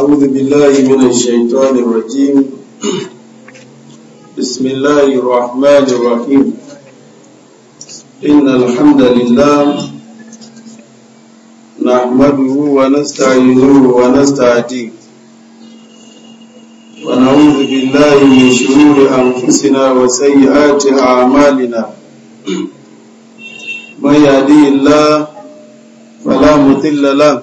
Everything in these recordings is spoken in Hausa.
أعوذ بالله من الشيطان الرجيم بسم الله الرحمن الرحيم إن الحمد لله نحمده ونستعينه ونستعديه ونعوذ بالله من شرور أنفسنا وسيئات أعمالنا من يهده الله فلا مضل له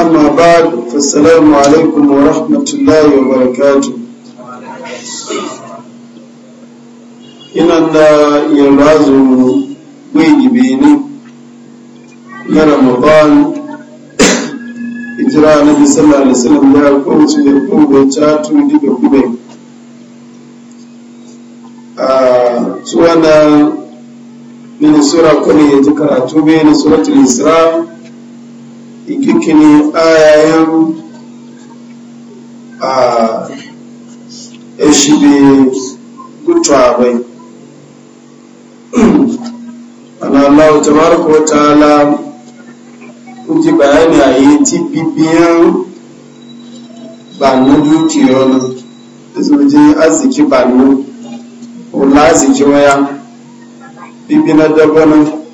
أما بعد فالسلام عليكم ورحمة الله وبركاته إن الله يلعز ويجبيني na Ramadan hijira na sallallahu alaihi wasallam ya kowace da kowace chatu diga kube a tsuwana min sura kone ya ji karatu bai na suratul isra kini ayayen a eshibe gutwa bai ana allahu tabaraka wa ta'ala kuji bayani a yi ti bibiyan banu dukiyar nan zojin arziki banu wula arziki waya bibi na dabanin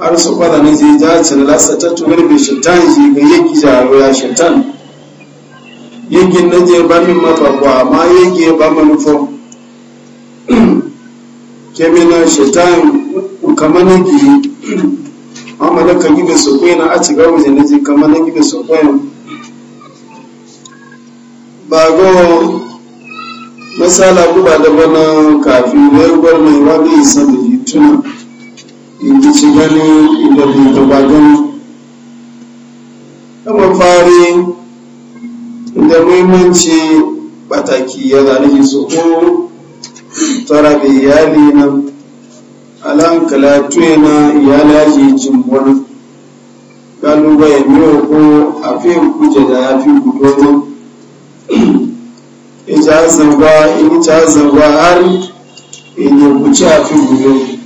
har su kwada na zai ja ci da lasa ta tuwar mai shaitan shi ga yaki jaro ya shaitan yakin na je ba min mata kuwa amma yake ba manufo na shaitan kama na gihi amma da kan gina su na a ci gaba na je kama na gina su kwena ba go masala guba da bana kafin ne gwar mai wani isa da tuna ti ci ní ibabi ìjọba gánà kama fari da muhimmanci bataki ya zalihi su ko tara da iyali na alankala yana na iyali ake jin wani galuba ya miyo ko a fi kuje da ya fi gudu ita zamba in ta har in a fi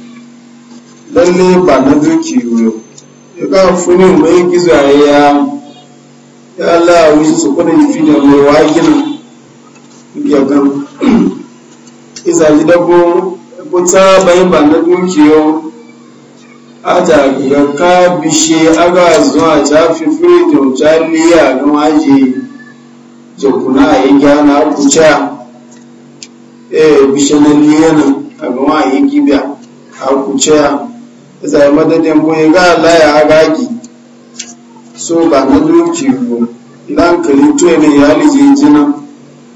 lalle ba na doki yau ya ga funi mai gizo ya ya Allah wani su kudin fi da mai wagin ya kan iza ji dabo kuta bayan ba na doki yau aja ya ka bishe aga zuwa ta fi furi da jaliya don aje jokuna a yi gyana kuca eh bishe na liyana a gama a yi gibiya a kuca zai madadin kun ga laya agagi so ba na duki ko dan kali to ne ya lije jina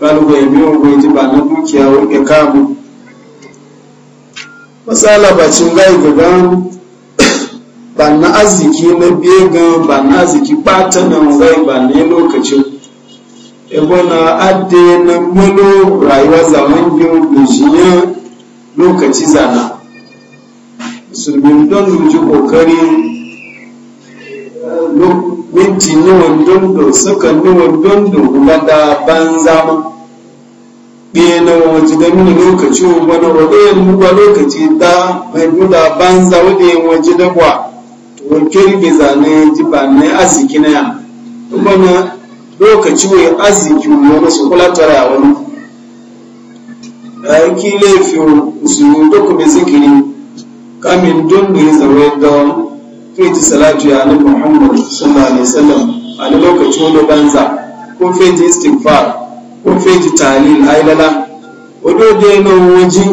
kalgo ya biyo ko ji ba na dukiya wa ke kamu masala ba cin gai gaban ba na aziki na biye ga ba na arziki bata nan gai ba ne lokacin ebona adde na mulo rayuwa zaman biyu da lokaci zana musulmi don nuji kokari eh, minti yawan dondo suka yawan dondo kuma da ban zama Biye na waje da mini lokaci wani ya muka lokaci da mai buda ban zawo da yin waje da kwa to kirgi zane ji ba na arziki na ya kuma na lokaci wai arziki wani su kula tara wani aiki laifin musulmi duk dokumin zikiri kamin don da ya zawo da fiti salatu ya nabi muhammad sallallahu alaihi wasallam a lokacin wani banza ko fiti istighfar ko fiti talil ailala odo de no woji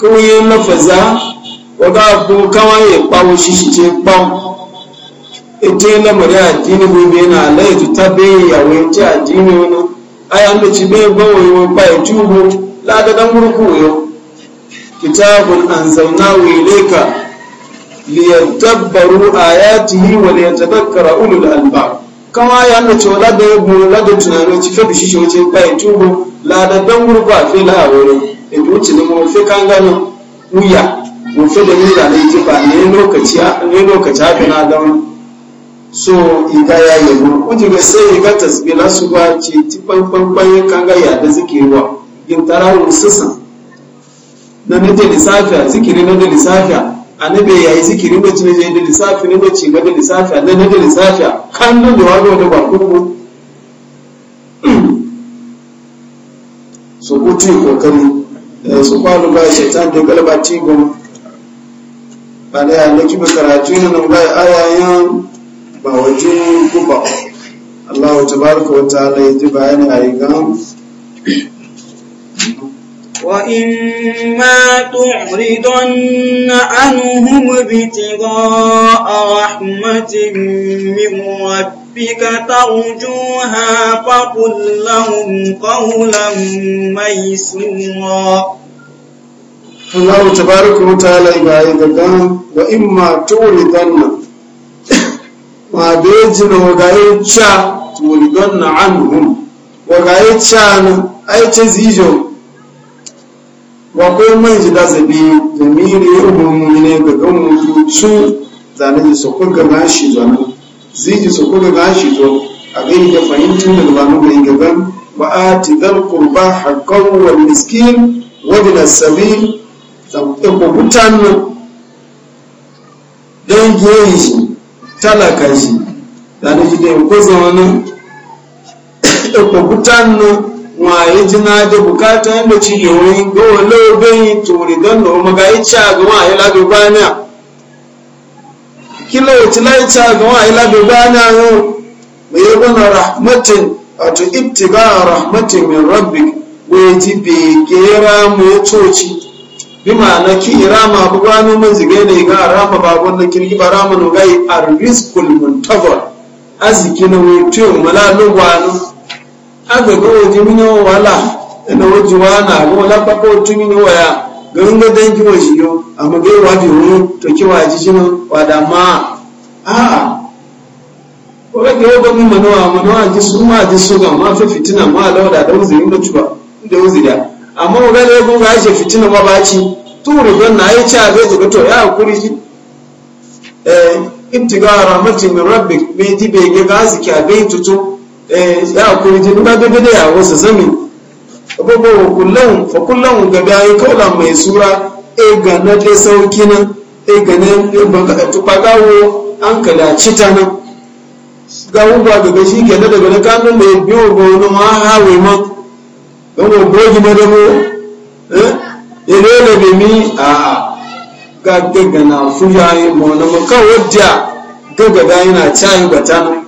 ko ye lafaza waga ko kawai ya pawo shishi ce pawo ite na mari addini gobe na alai ta tabe yawo ti addini wani ayan da ci be gbawo yo pa etubo la da dan murku yo kitabun anzalnahu ilayka liyadabbaru ayatihi wa liyatadhakkara ulul albab kama ya na cewa lada ya gbo da tunanin ci fe bishi wace bayan tubo lada dan gurba fe la wuri ebi wuce ne mu fe kan gano wuya mu fe da nila ne ji ba ne lokaci ne lokaci haka na dan so iga ya yabo wuce ga sai iga tasbila su ba ce ti fanfan bayan kan ga ya da zikewa yin tarawun susan na nade lissafi zikiri na da lissafiya annabi ya yi zikiri mace na jayi da lissafi na mace ga da lissafiya na nade a kan nan da wani wani bakunmu su kuti kokari eh, su kwano ba shaitan da galaba tigon ba da yana kima karatu ne nan bai ayayen ba wajen guba Allah wa tabaraka wa ta'ala ya bayani a yi gan وإما تعرضن عنهم ابتغاء رحمة من ربك ترجوها فقل لهم قولا ميسورا Allah tabaraka wa ta'ala ga yi gaga wa imma turidanna ma bejina wa ga yi na wakwai man ji da zabi da miri rumun ne ga gamu tutu zane ji sokko ga gashi zane ziji sokko ga gashi zo a gani da fahimtun da zanu ga gaban wa ati dal qurba haqqan wal miskin wa bil sabil zabta ko butan dan goyi shi talaka shi zane ji da ko zamanin ko butan waye jina da bukata yadda ci yawai ga wale bai tori don da kuma ga ica ga waye labe bana kila wata la ica ga waye labe bana yau mai yi wani rahmatin wato ibtiga rahmatin min rabbi wai ji bege mu ya toci bi ma'ana ki rama bu gano man zige ne ga rama babon na kirki ba rama no gai arriskul muntazar aziki na wuce malalo gwanu agaga waje mini wala na waje na ga wala papa otu mini waya ga dangi waje yo amma ga yawa bi to ki waje jinin wada ma a ko ga yawa ba mi manowa manowa ji su ma ji su ga ma fa fitina ma lawda da wuzi inda tuba inda wuzi da amma ga ne ko fitina na ya ji eh ibtiga rahmatin min rabbik ga Eh, ya hakuri ji duka gabe da yawo su zami abubuwa kullum fa kullum gabe ayi kaula mai sura e ga na dai sauki nan e ga na baka tupagawo an kala cita nan ga uba gaba shi ke daga na kanun mai biyo ga wani ma hawe ma don wa bogi na dabo eh ire da bimi a a ga gaga na fuya yi ma wani makawadda gaga da yana cayi batanu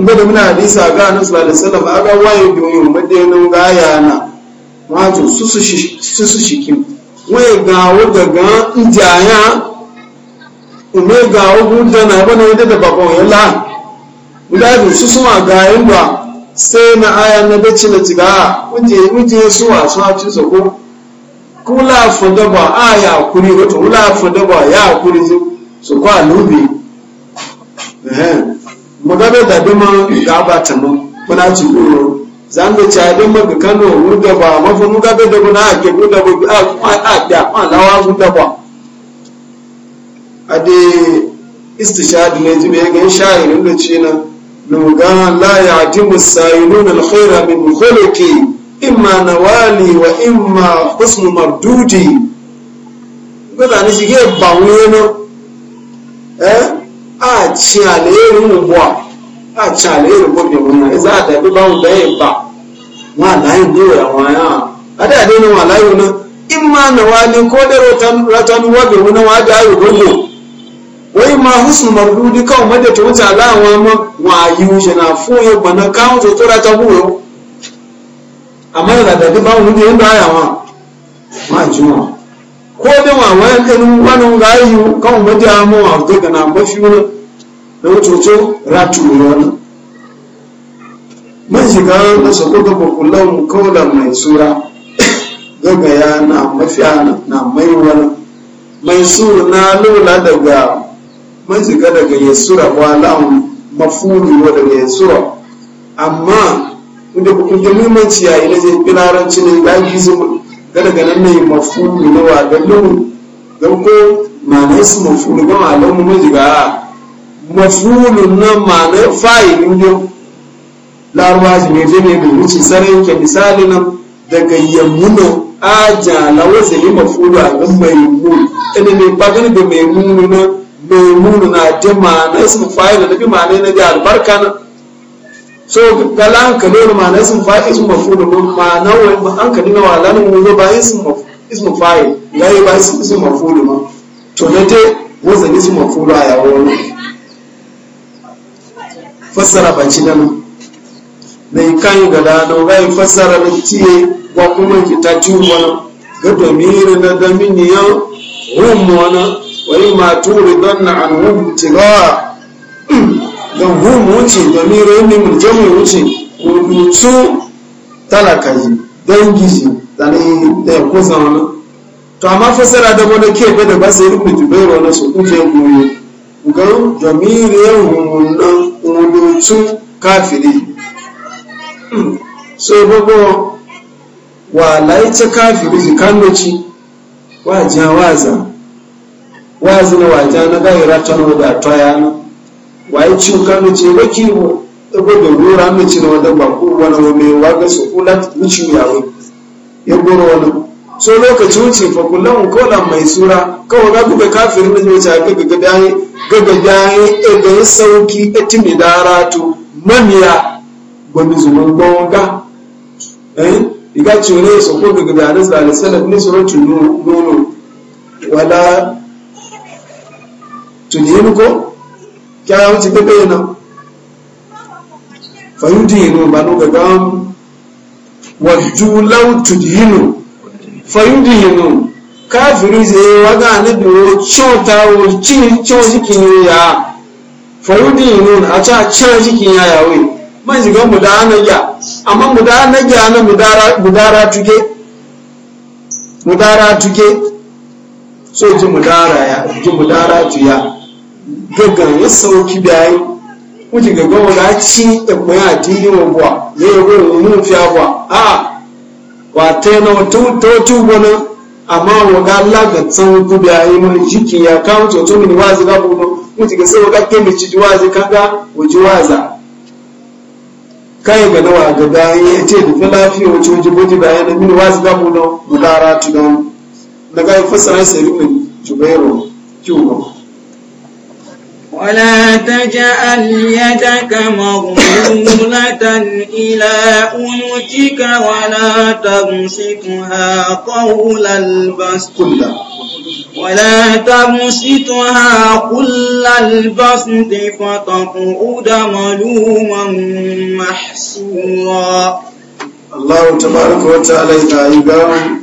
gbọ́dọ̀ muna náà dísà gáà ní sọ̀rọ̀ àdìsẹ́lẹ̀ bá gá wáyé dùn ya mọ́dé inú gáyà náà wọ́n á tún súsù ṣìkì wọ́n yẹ gan àwọn gàngán ń jẹ wadda ìmọ̀ gan àwọn ogun la ẹgbẹ́ náà dédé bàbá na àyà náà bẹ́ tí lẹ́tì gá wọ́n ti sún wà sún àti sọ̀kọ́ ya láàfọ̀ ah, ya magana da dama da ba ta mu kuna ci goro zan da cha dama ga Kano wurga ba mafi mugabe da kuna ake guda ba a a da a lawa guda ba ade istishadi ne jibe ga sha'irin da ce na luga la ya'timu sayilun alkhaira min khuluqi imma nawali wa imma husnu mardudi gada shi ke ba wani eh a ci alherin ubuwa a ci alherin gobe wannan za a dabi bawu da yin ba ma layin doya wa ya a da dai ne wa layu na in ma na wani ko da ratan wabe wuna wa da ayi gobe wai ma husu mardudi kan wadda ta wuce alawa ma wa yi wuce na foye bana kawo to tura ta buwo amma da dabi bawu da yin ba ya wa ma juma ko da wayan ɗin wani rayu kan wajen amuwa daga na mafi wani da wucocin ratu wani man shiga na sako ga bakulan kaular mai tsura ya na mafiya na mai wani mai sura na lola daga man shiga daga yasura wa la'un mafuni daga yasura amma inda muhimmanci yayi na zai fi ne ga gizo kada ganin ne mafulu ne wa gallon don ko ma'ana su mafulu ga malam mu majiga mafulu na ma'ana fa'ilin yau larwa ji ne ne da wuce sarai ke misali nan daga yamuna aja lawa sai mafulu a ga maimun ina ne bagan da maimunu na maimunu na ta ma'ana su fa'ilin da bi ma'ana na da albarka na so gala hankali wani ma'ana isin fa isin mafulu ma'ana wani hankali na wa ne mu zo ba isin fa'i ya yi ba isin mafulu ma to na te wazan isin mafulu a yawo wani fassara baci nan na yi kan gala na gai fassara na tiye wa kuma ki ta ci wani ga domiri na dominiyan rum wani wani ma turi don na an hum tigawa ga hum wuce da miro ne mun jamu wuce rubutu talaka ji dangi ji dani da ko wani. to amma fasara da wani ke ba da ba sai rubu jubairo na su kuke goyo ga jamiri ya humunan rubutu kafiri so gbogbo wa laice kafiri ji kandoci wa jawaza wazi na wajen na gaira tano da toyana waye cuka mace wake mu ego da rura ci na da ba ko wani wani waga su kula wuce ci ya goro wani so lokaci wuce fa kullum kola mai sura kawai ga kuka ne da ta ga ga dai ga dai ego sauki etimi ratu mamiya gwani zuwa gonga eh iga ne so ko ga da anas da alisalaf ne no no wala tunyin ko kyara wuce bebe yana fahimtu yinu ba nuka gan wajju lautu yinu fahimtu yinu kafiri zai yi anabi wo cota wo cin cin jikin ya fahimtu yinu a ca cin jikin ya yawe man amma mudara tuke so ji mudara ya tuya gaggan ya sauki bayi wuce gaggan wanda ci da kuma addini wa buwa ne ya gwa mu fiya buwa a wa ta yana wata wata wani amma wa ga lagatsan ku bayi mun jiki ya kawo toto mini wazi ga buno wuce ga sai wa ga kemi ci wazi kaga wuji waza kai ga nawa ga bayi ya ce da fi lafiya wuce wuce buji bayi na mini wazi ga buno mu dara tunan daga fasara sai rubin jubairu kyuwa ولا تجعل يدك مغلولة إلى أنجك ولا تمسكها قول البسط ولا تمسطها كل البسط فتقعد ملوما محسورا الله تبارك وتعالى يقول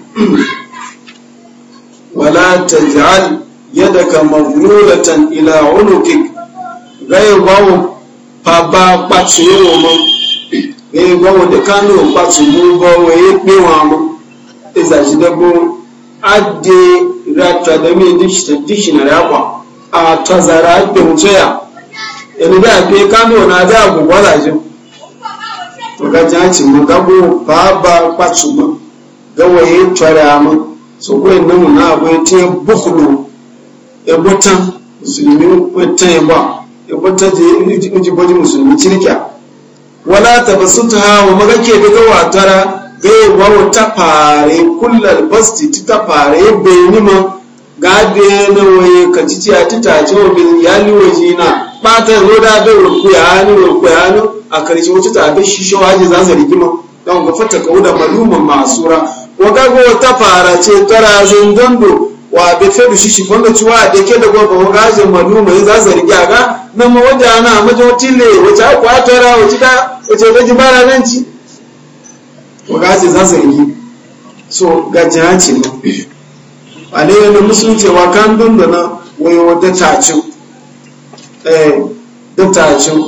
ولا تجعل yadaka maglulatan ila unukik gai bawo baba pati wo mo gai bawo de kanu pati mu bo we pe won mo isa jidebo ade ratra da mi dictionary akwa a tazara ade mutaya eni da pe kanu na da agugwa la jo to ga mu gabo baba pati mo gawaye tara mu na abu te bukhlu ebota musulmi wata yaba ebota je uji boji musulmi cinika wala ta ta basu tabasutuha wa magake daga watara gai wawo ta fare kullal basti ti ta fare benima ga de na waye ka ci a ti ta ce wa bin yali waje na bata roda da ruku ya hannu ruku ya hannu a karshe wata ta ga shisho haji za su rigima don ga fata kauda masu masura wa ga ta fara ce tara zindando wa be fe bi shi bonga ci wa de ke da go go ga je manu mai za su rike ga nan ma waje ana ma jo tile wace akwa tara wace da wace da ji bara nan ci wa ga za su rike so ga jaci ma ale yana musulunci wa kan dun da na wayo wata tacin eh da tacin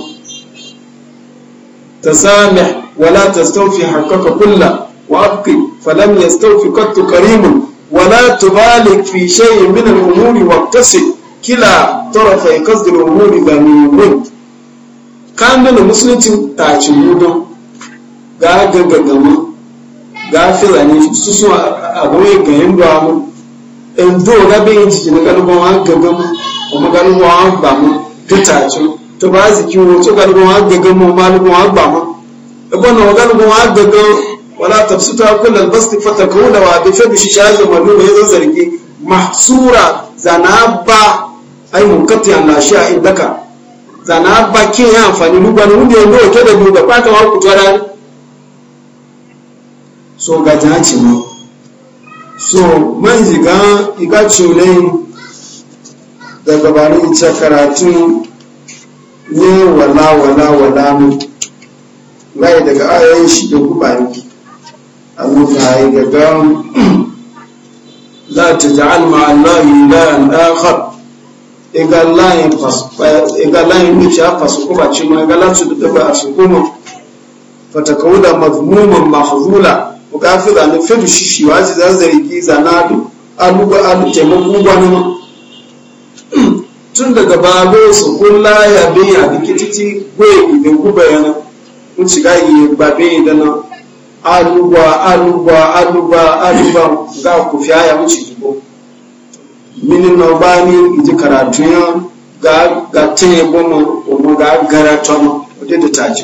tasamih wala tastawfi haqqaka kullu wa abqi falam yastawfi qattu karimun wala tubalik fi shay'in min al-umuri waqtasid kila tarafai qasdil umuri ghaniyun kan da musulunci ta ci mudu ga gaggagama ga filani su su abuwa ga yin da mu in do na bin jiki na galibin wa gaggama kuma galibin wa ba mu ta tace to ba ziki wo to galibin wa ba mu na wala tabsuta kullal basti fatakuna wa bi fa bishi shaje mallu ne zan zargi mahsura zanaba ai munkati Allah shi a indaka zanaba ke ya amfani ne, wanda ya nuna ke da duga ta wa kutara so ga jaci mu so man ziga iga cule daga barin ta karatu ne wala wala wala mu gai daga ayoyin shi da kubani المتعي قام لا تجعل مع الله إلها آخر إذا الله يمشي فسقوما شما إذا لا تدبر فسقوما فتكون مذموما محظولا وكافي ذا نفيد الشيشي وعزي ذا زريكي ذا نادو أبو أبو تمكو بانما tun daga babu su kun laya bin ya dikititi gwe idan guba yana mun shiga yi babe idan alugwa alugwa alugwa alugwa ga ku fiya wuce gibo minin na bani iji ya ga ga tanye ga gara tono wadda da taji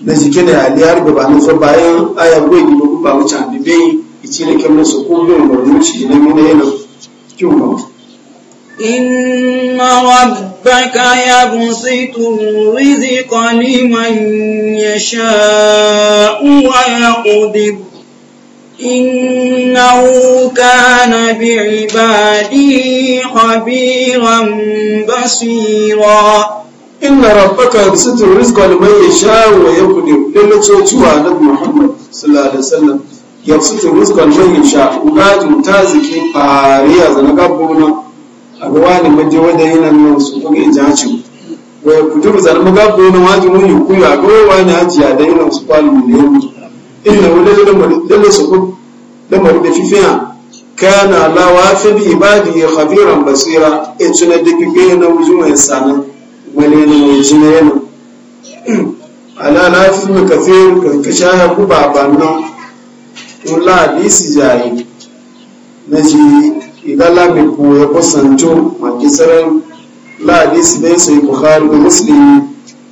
na jike da aliyar gaba bayan aya goyi gibo ku ba wuce an bibe ne إن ربك يبسط الرزق لمن يشاء ويقدر إنه كان بعباده خبيرا بصيرا إن ربك يبسط الرزق لمن يشاء ويقدر لما تشوى نبي محمد صلى الله عليه وسلم يبسط الرزق لمن يشاء وقاعد ممتاز كي فاريا زنقابونا aga ne maje wada yana nan su kuga ijaci wa ya kudur zan maga ko na waji mun ku ya ga ne haji ya da yana su kwalu ne inna wala da mu da su ku da mu da fifiya kana la fi bi ibadi khabiran basira in suna da kike na wujun sana wani ne mai yana ala la fi kafir ka shaya ku la bi si jayi naji Idan igala mai koya kusanto maki sarar ladisi bai sai bukhari da muslimi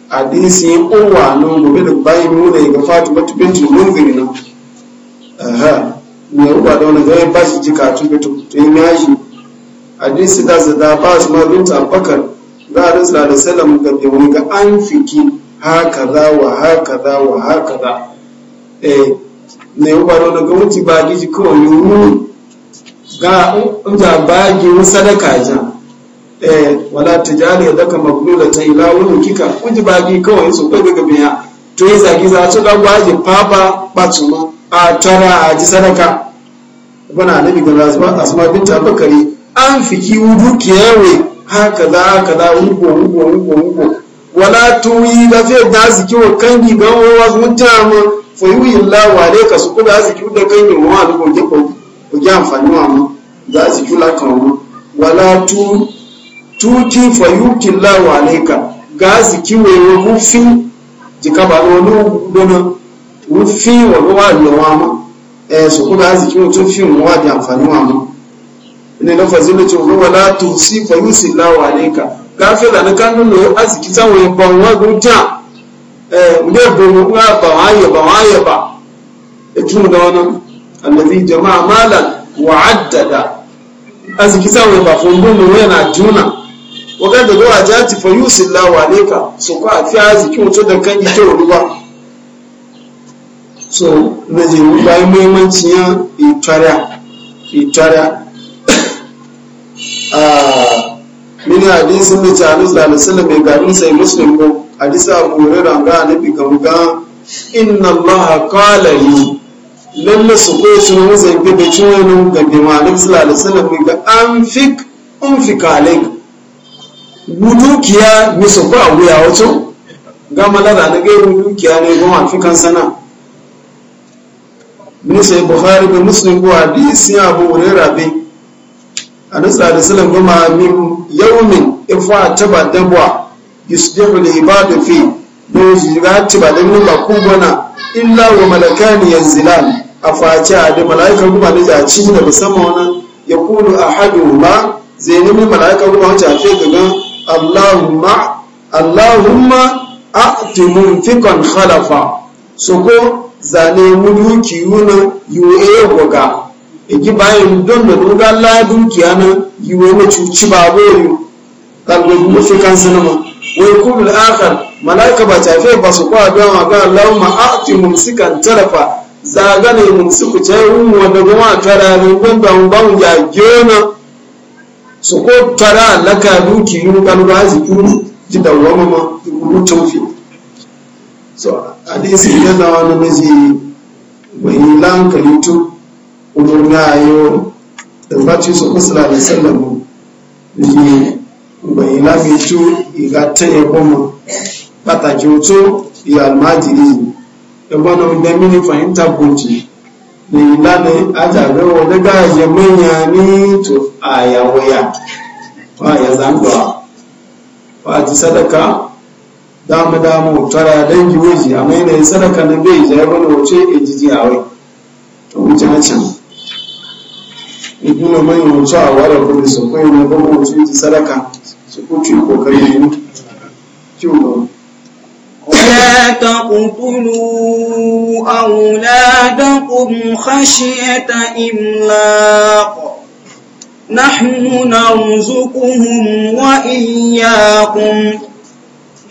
hadisi yin uwa nan gobe da bayan nuna ga fatu batu binci munziri nan aha ne uba da wani gaya ba shi jika tun bito to yi mashi hadisi da su da ba su mazun tabbakar za a rinsa da salam ga wani ga an fiki haka za wa haka za wa haka za eh ne uba da wani gaya wuce ba gizi kawai yi ga inda bagi sadaka jan eh wala tijali yadaka maglula ta ila wani kika kuji bagi kawai su kai daga biya to yi zagi za su dan waje papa batuma a tara a ji sadaka bana nabi ga asma asma bint abakari an fiki wudu kiyawe haka za haka za wuko wuko wuko wuko wala tuwi da fe da ziki wa kangi ga wa mutama fa yuyi Allah wa ka su kuma ziki da kangi wa wa ko kò jẹ́ àǹfààní àwọn za a jiki lakan wọn wala tuki fayuki lawa alaika ga ziki wewe mufi jika ba na wani gbona mufi wani wa yawa ma eh su kuma a ziki mutum fi wa da amfani wa ma ina na fazila ce wani wala tusi fayusi lawa alaika gafe da na kanu na a ziki tsawon ya ban wa gudan eh ne gbona ba wa ya ba wa ya ba tunu da allazi jama'a malan wa addada aziki sawe ba fundu mu yana juna wa kada do jati fa yusillahu ka. so ko afi aziki wato da kan ite ruwa so naje mu bai muhimmanci ya itara itara ah min hadisin da jami'u sallallahu alaihi wasallam ya garin sai muslim ko hadisa abu hurairah ga annabi kamuga inna allaha qala li lalle su ko su mun zange da cewa nan ga Malik sallallahu alaihi wasallam ga anfik unfik alaik wudukiya ni su ko abu ya wato ga malara na ga wudukiya ne ga mafikan sana min sai bukhari da muslim ko hadisi abu hurairah bi annabi sallallahu alaihi wasallam ga ma min yawmin ifa tabadabwa yusbihu al-ibadu fi doji ga tibadan ba kubana illa wa malakani yanzilan a faci a da mala'ikar kuma da jaci da musamman wannan ya kulu a haɗin ma zai nemi mala'ikar kuma wacce a fi gaga allahumma allahumma a timun fikon halafa so ko zane mu duki yuna yuwe goga igi bayan don da duga la dukiya na yuwe na cuci babo yu kalbi kuma fi kan sinima wai kulul akhar mala'ika ba tafe ba su kwa don a ga allahumma a timun sikan talafa zagane mun suku ce un wanda goma tara ne gwanda mun ba mun ya gena su ko tara laka duki mun kan ba ji kun ji da wama ma mun tawfi so hadisi ya da wani miji bai lan kalitu udur ga yo da bati su ko sallallahu alaihi wasallam ni bai lan kalitu iga tanye goma pàtàkì tó ìyàlmájì nìyí da bana da mini fahimta kunci da ilana ajabe wa daga ya manya ni to a ya waya ba ya zangwa ji sadaka damu damu tara dangi waje amma yanayin sadaka na bai ja wani wace e jiji a wai to wuce na can ibnu mai wuce a wara kuma su ji sadaka su kuce ne ولا تقتلوا أولادكم خشية إملاق نحن نرزقهم وإياكم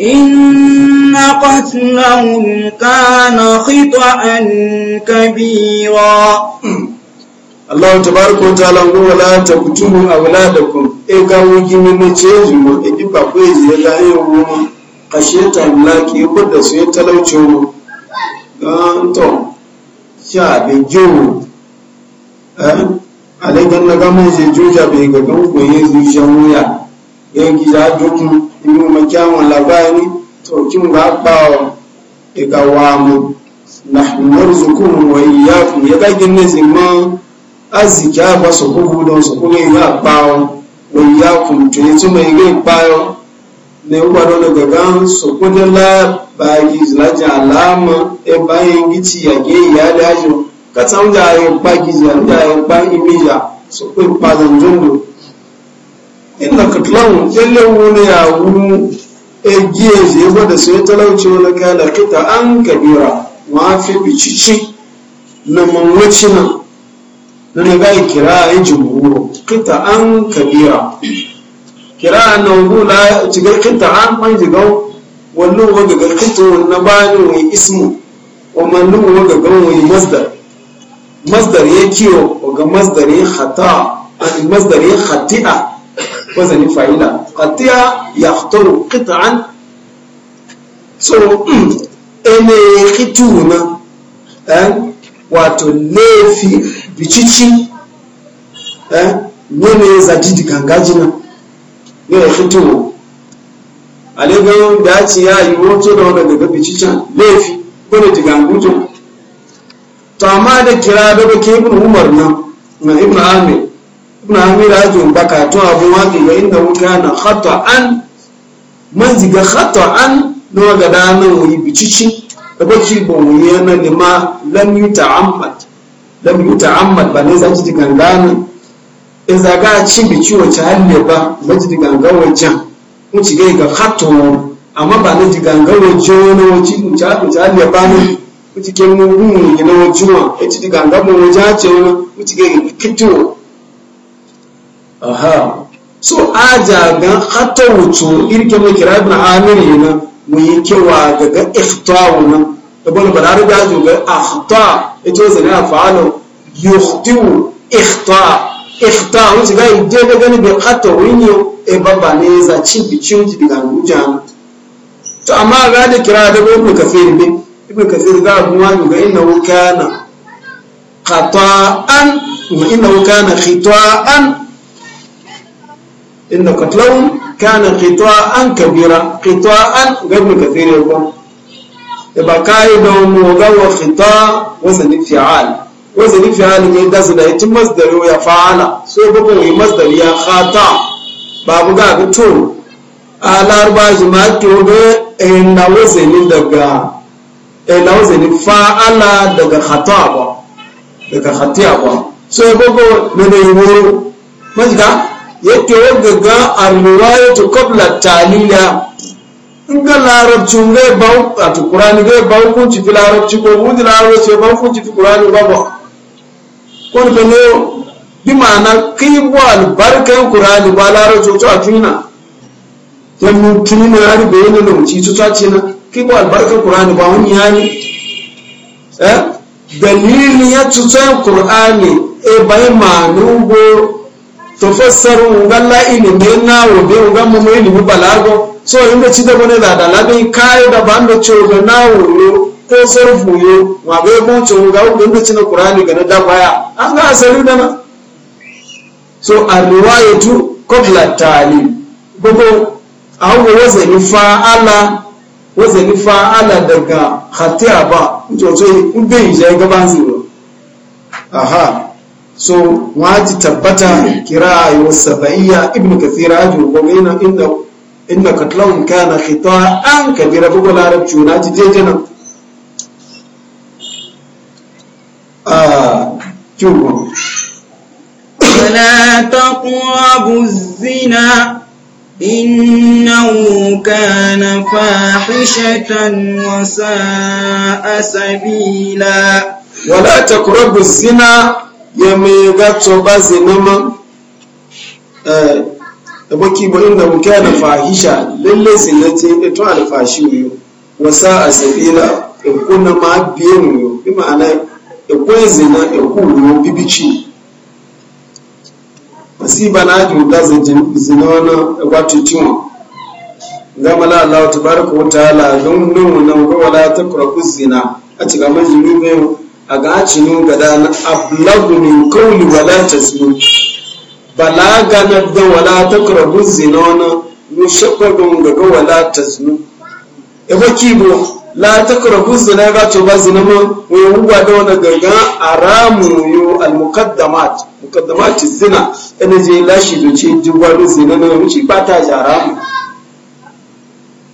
إن قتلهم كان خطأ كبيرا Allah tabaraka wataala ngo wala takutumu kasheta mulaki wadda su yi talauci mu ganto sha bai jiwu eh, alaikan na gama shi juja bai ga kan koyi zuciyar wuya yan gida dukkan inu makyawun labari to kin ga bawa wa mu nahnu narzukum wa iyyakum ya ga ginne zimma azika ba su kuku don su kuma ya bawa wa iyyakum to yace mai ga bawa ne da daga gan su kudin la ba gizlajin alama e bayan gici ya ge ya dajo ka san da ya ba gizar da ya ba imija su kun fazan jundu inda tlan yallin wani ya wuru e giye yi e gwada sai e talauci wani da kita an kabira ma fi bicici e na mamaci na na ga kira yi jimuru kita an kabira kira na wula jigar kinta an man jigau wannan waga ga kinta na bani wani ismu wannan waga ga wani masdar masdar ya kiyo waga masdar ya khata an masdar ya khati'a wazan fa'ila khati'a ya khataru qit'an so ene khituna an eh, wato laifi, bicici eh ne ne zadidi gangajina ne ya fito alegan da ya ce ya yi wato da wanda daga bicicin laifi ko da jigangujo to amma da kira daga ke ibn umar nan na ibn amir ibn amir ya ji baka to abun waki ga inda wuka na an man ziga an na waga da nan wuyi bicicin da baki bon wuyi yana da ma lam yuta'ammad lam yuta'ammad ba ne zaki jigangana iza ga cin biki wace halle ba maji da gangawar jan in ci gai ga hato amma ba na ji gangawar jan na wace in ci wace halle ba ne in ci gai mu gun gina wace wa in ci da gangawar wace ce wani in ci gai ga kito aha so aja ga hato wuto irke mai kira ibn amir yana mu yi kewa ga ga ikhtawa nan e da bani balaru da ga akhta ito e zane a fa'alo yukhtiu ikhta ifta wuce ga ije da gani bai hata wani e babba ne to amma ga da kira da ibn kafir ne ibn kafir ga abu ma ga inna kana qata'an wa inna kana khita'an inna qatlahum kana qita'an kabira qita'an ga ibn kafir ya ba kai da mu ga wa khita' wa sanfi'al wazini fi'ali mai da su da yatin masdari ya fa'ala so bako yi masdari ya khata babu ga ga to alar ba shi ma ke ga na wazini daga na wazini fa'ala daga khata ba daga khatiya ba so bako ne ne wuro majida yake wanda ga alriwayatu qabla talila in ga larabci ga ba a qur'ani ga ba hukunci fi larabci ko wudi larabci ba hukunci fi kurani ba ba wanda ne bi ma'ana kai bu albarkan qur'ani ba laro to to atuna dan mutuni ne ari be ne lokaci to ta ce na kai bu albarkan qur'ani ba wani eh? ya yani eh dalilin ya tutsayin qur'ani e bai ma'anugo tofassaru ngalla ini na wo be nga mumo ini balago so imbe chida bone da da labi kai da bando chogo na wo ko sarfu yo ma bai kun ce ga wanda da cin qur'ani ga na da baya an ga asali da na so arwayatu qabla ta'lim gogo awu wazani fa'ala wazani fa'ala daga khati'a ba to so in bai je ban zo aha so waji tabbata kira yo sabaiya ibn kathir ajo gogo ina inda inna katlaun kana an kabira gogo larabci na ji jeje nan شوفوا ولا تقربوا الزنا إنه كان فاحشة وساء سبيلا ولا تقربوا الزنا يميغا توبا زنما aboki ba fahisha lalle sinnace ita to alfashi yo wasa ma biye mu ekwezina zina ekwulu bibichi masiba na ajuta zina wani gwatutinwa gama la Allah ta baraka wa ta'ala don nunu wala takra kurabu zina a cika majini bayan a ga cinu gada na ablagu min kauli wala tasmi balaga na da wala takra kurabu zina wani ga ga wala tasmi ebo kibo la ta takrahu zina ga to ba zina mu we wuwa da wannan ganga aramu yu al muqaddamat muqaddamat zina ina je lashi do ce jigwalo zina na mu ci ba ta jaramu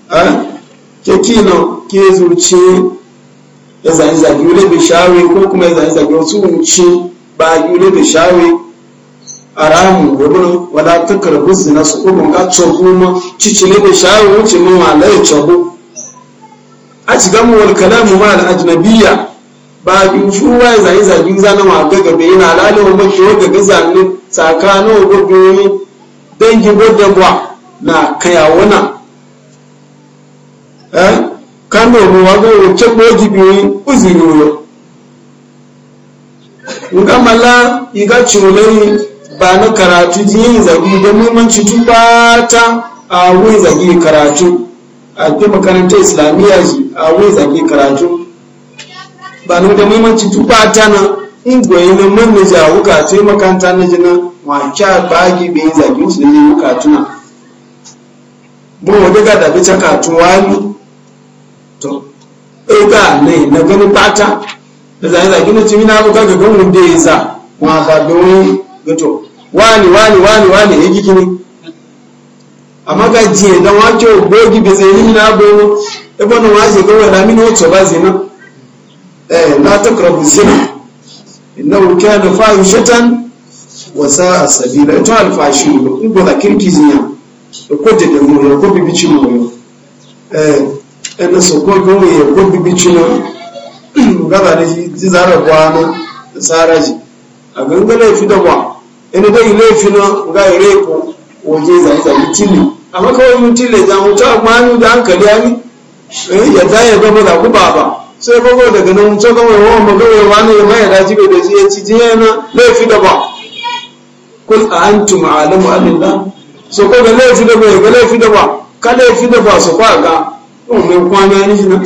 ah eh? ke kino ke zuci ya zai zagi yule bi shawe ko kuma ya zai zagi wasu wuci ba yule bi shawe aramu gobe wala takrahu zina su ko ga to kuma cicile bi shawe wuce mu ma ya to ci gamu wal kalamu ma al ajnabiyya ba bi fu wa zai zagin zana ma ga gabe yana lalo ba ki wa ga zanni tsakanin gobe dangi wadda gwa na kayawana eh kan do mu wa go che bo ji bi uzuru yo ngamala iga chirulei ba na karatu ji zagi da muhimmanci tun ba ta a wai zagi karatu Akwai makarantar islamiyya shi a wai zage karatu ba na da muhimmanci tuba ta na in goyi na man na jawo ka sai makaranta na jina wa kya bagi bai zage su da yi muka tuna bo wadda ga dabi ta katuwa ne to ɗauka e ne na gani fata da zage zage na cimina abuka ga gangun da ya za wa zaɓe wani gato wani wani wani wani ya gikini amma ga jiye dan wake gogi be zai na bo e bono waje ga wala min wato ba zina eh la takrabu zina innahu kana fahishatan wa sa'a sabila to al fashi in go da kirki zinya da kote da mu ko bibici mu eh ina so ko go mu ko bibici mu gaba da ji zara kwana saraji a gangala fi da kwa ina dai laifi na ga ireku waje zai-zai a amma kawai mun tile za mu ta kwanu da hankali ya ni eh, ya da ya gaba da kuma ba sai kogo daga nan mutu kawai wa ba wani ya mai daji bai da shi ya ci jiya laifi da ba kul a antum alamu alillah so ko ga laifi da bai ga laifi da ba ka laifi da ba su kwa ga mai kwana ni shi na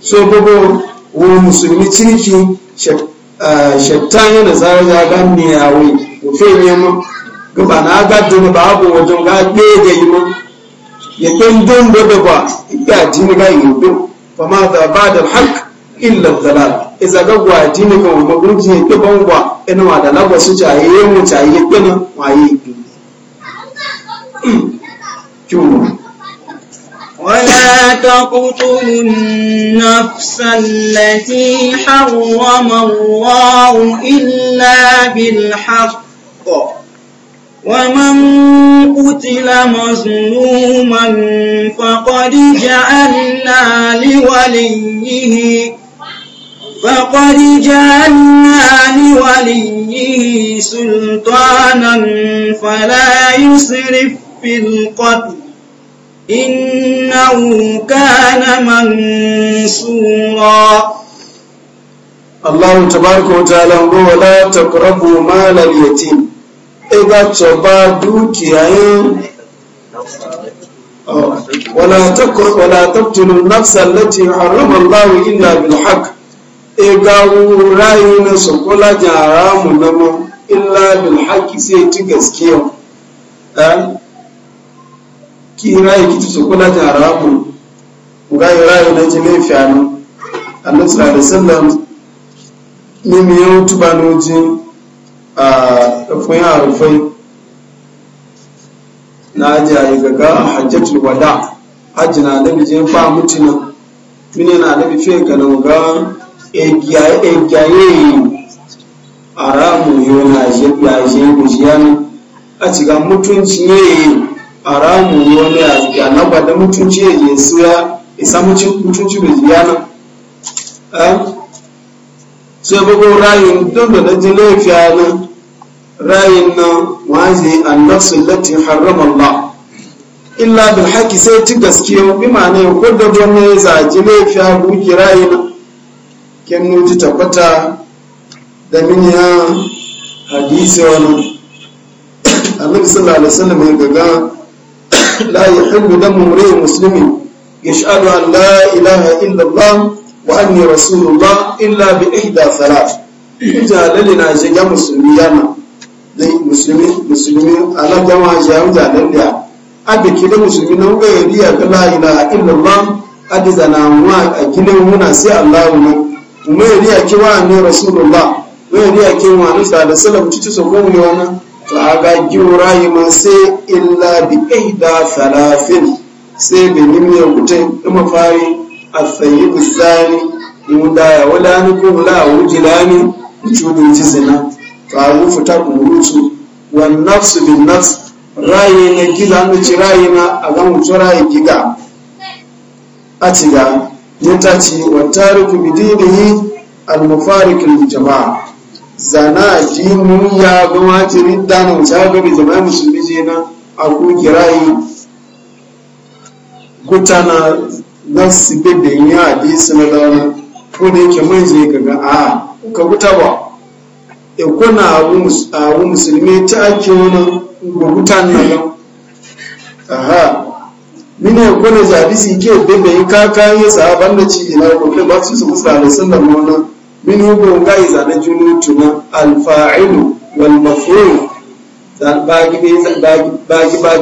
so gogo wa musulmi ciniki eh, shatta yana zarar ya gani ya wai ko fe ne ma gba na agadi ni abu wajen ga ɗaya da yi ya ɗan don da da ba ya ji ni ga yi do fa ma da ba da hak illa dalal iza ga gwa ji ni wani gunji ya ɗi ban ina ma da lagwa su caye ya mu caye ya ɗi na ma yi ولا تقتلوا النفس التي حرم الله إلا بالحق ومن قتل مظلوما فقد جعلنا لوليه فقد جعلنا لوليه سلطانا فلا يسرف في القتل إنه كان منصورا الله تبارك وتعالى ولا تقربوا مال اليتيم iba tsoba dukiyayin wala taktulu nafsa allati harrama Allahu illa bil haqq iga rayu na sokola haramu nama, ma illa bil haqq sai ci gaskiya ki rayu ki sokola haramu ga rayu na jini fiyanu annabi sallallahu alaihi wasallam mimi yau tubanoji a ɗafin harufai na jaye gaga hajjatul wada hajji na nabi je ba mutuna mine na nabi fe ga nan ga egiyaye egiyaye aramu yona je ya je mu jiyana a ciga mutunci ne aramu yona ya na gwada mutunci ya je suya isa mutunci bai jiyana sai bugu rayin duk da ji laifiya na. rayin nan an annafsu lati harrama Allah illa bil haki sai gaske gaskiya bi ma'ana ko da gwamnati za ji laifiya buki rayin na. ken nuti tabbata da ya hadisi wani annabi sallallahu alaihi wasallam ya gaga la yahillu damu mu'min muslimin yash'alu an la ilaha illa Allah wa anni rasulullah illa bi ihda salat jalali na shiga musulmi yana da musulmi musulmi ala jama jam jalali ya abi kida musulmi nan ga yari ya kala ila illallah adiza na wa a kida muna sai allah mu mu yari ya kiwa anni rasulullah mu yari ya kiwa annabi sallallahu alaihi wasallam cici so ko mu wannan to aga giwura yi ma sai illa bi ihda salatin sai da nimiyar kutai kuma fari asayibu zani mudaya wala ni ko la wujilani judu jizina faru futa kurutu wan nafsu bin nafs rayi ne gila mu ci rayi na a ga mu tura yi giga a ci ga ya ta ci wa tariku bidinihi al mufariq lil jamaa zana dinu ya ga wajiri dana ta ga bi jama'a musulmi na a ku kirayi kutana na su bi da yin hadisi na dauna ko da yake mun je ga a ka guta ba e kuna abu musulmi ta ake wani guguta na yau? aha mine kuna ji hadisi ke bebe yi kaka yi sahaban da ci ina ko kai ba su su musa da sun da mana? min hugo ga yi zane junu tuna alfa'ilu wal maf'ul dan bagi be zan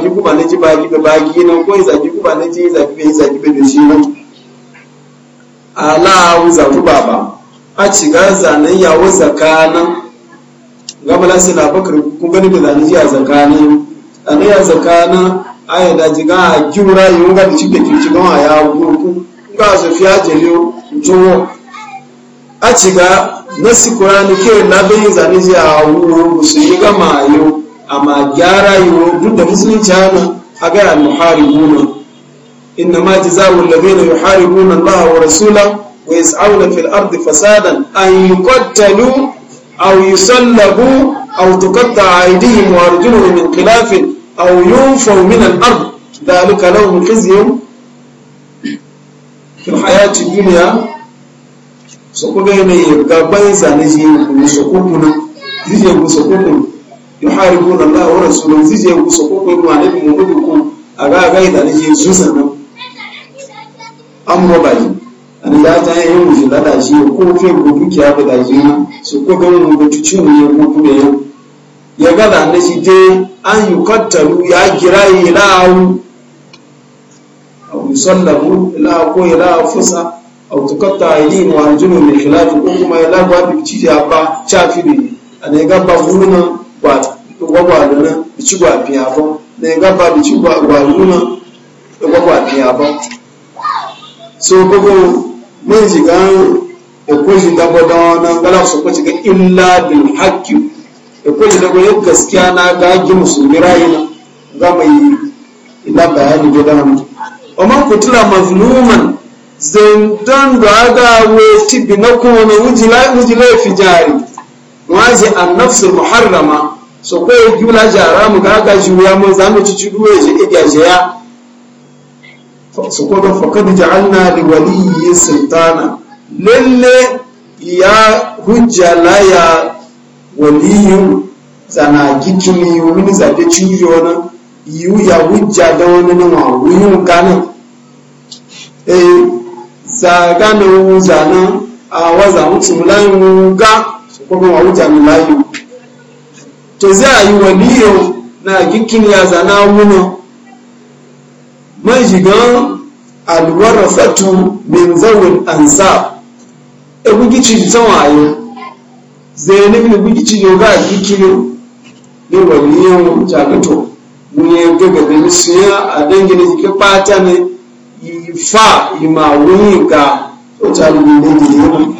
kuma ne na ko kuma ne da shi ala baba a ci ga ya wa zakana gamala sina bakar kun gani da zanan ji zakana ya zakana aya da ji ga jura yun ga ci da ci ga ya gurku ga su fiya jeliyo jowo a ci ga nasi ke na be zanan ji a wuro musulmi amma gyara wa duk da musulunci hana a ga al guna inda ma jazaa'u alladhina yuharibuna Allah wa rasulahu wa yas'auna fil ardi fasadan an yi aw yusallabu aw tuqatta'a aydihim wa arjuluhum min a yi yunfaw min al-ard dhalika lahum khizyun fil hayati dunya so ko ga ne ga ban zane ji ku so ko kuna ji ku so ko yuharibuna Allah wa rasulahu zije ku so ko ko ma nabi mu ko aga ga ida ne Yesu sanan amma bali an da ta yi mu da shi ko fe ko kuke abu da shi su ko ga mu ko tuci mu ya ko kuma ya ya da ne shi dai an yukattalu ya gira ilahu aw yusallamu ila ko ila fusa aw tukatta aydin wa arjulu min khilaf ko kuma ila ba bi ci ya ba chafi ne an ga ba gurnan gwagwalu na bici gwafin abon na ya gaba bici gwagwalu na da gwagwafin abon so gbogbo mun shiga ekun shi dabo da wannan gala su kwaci ga illa bil haqqi ekun shi dabo yau gaskiya na gagi musulmi na, ga mai ila bayani da dama amma kutula mazluman zindan da aga wo tibi na kuma wujila wujila fijari, jari wazi an nafsul muharrama so ko ya gula jara mu ga ga juya mun za mu ci ci duwe je iga je ya so ko da fakad ja'alna li waliyyi sultana lalle ya hujja la ya waliyu zana gikini wani zabe cujo na yiwu ya hujja da wani na ma wuyun kanin eh zagana zana a waza mutum layin ga so ko ma hujja mi layin to za a yi waliyo na gikin ya zana wuna man shigan alwarasatu min zawin ansa e gugici ta waye zai nufi gugici yau ga ne waliyo jagato gaga da misiya a dangi na jikin ne yi fa yi ma wuni ga otu alibin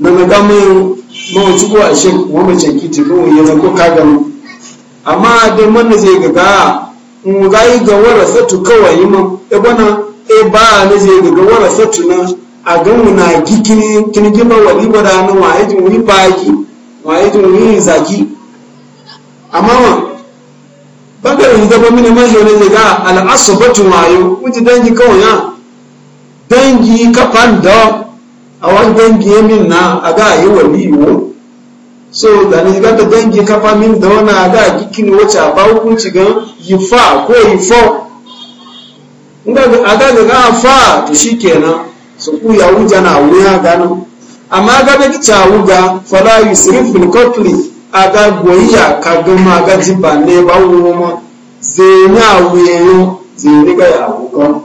ne na mawa ci a shi wama canki ti kawai ya zako ka gano amma da manna zai ga ga in mm, ga yi ga wara satu kawai ma e eh, bana e ba na zai ga wara satu na a ga na kikini kini gima wali bara na wa yi jin wuri ba wa yi jin wuri zaki amma ma yi zaba mini majo ne zai ga al'asabatu wayo wuce dangi kawai ya dangi kafan da awon dangi min na aga yi wali wo so da ne ga dangi kafa min da wana aga gikin wace ba hukunci ga yi fa ko yi fo inda aga ga ga fa to shikenan so ku ya wuja na wuya gano amma ga ga ta wuga fala yi fil qatli aga goyiya ka ga ma ga jiba ne ba wo mo zenya wuyeyo zeni ga ya wuga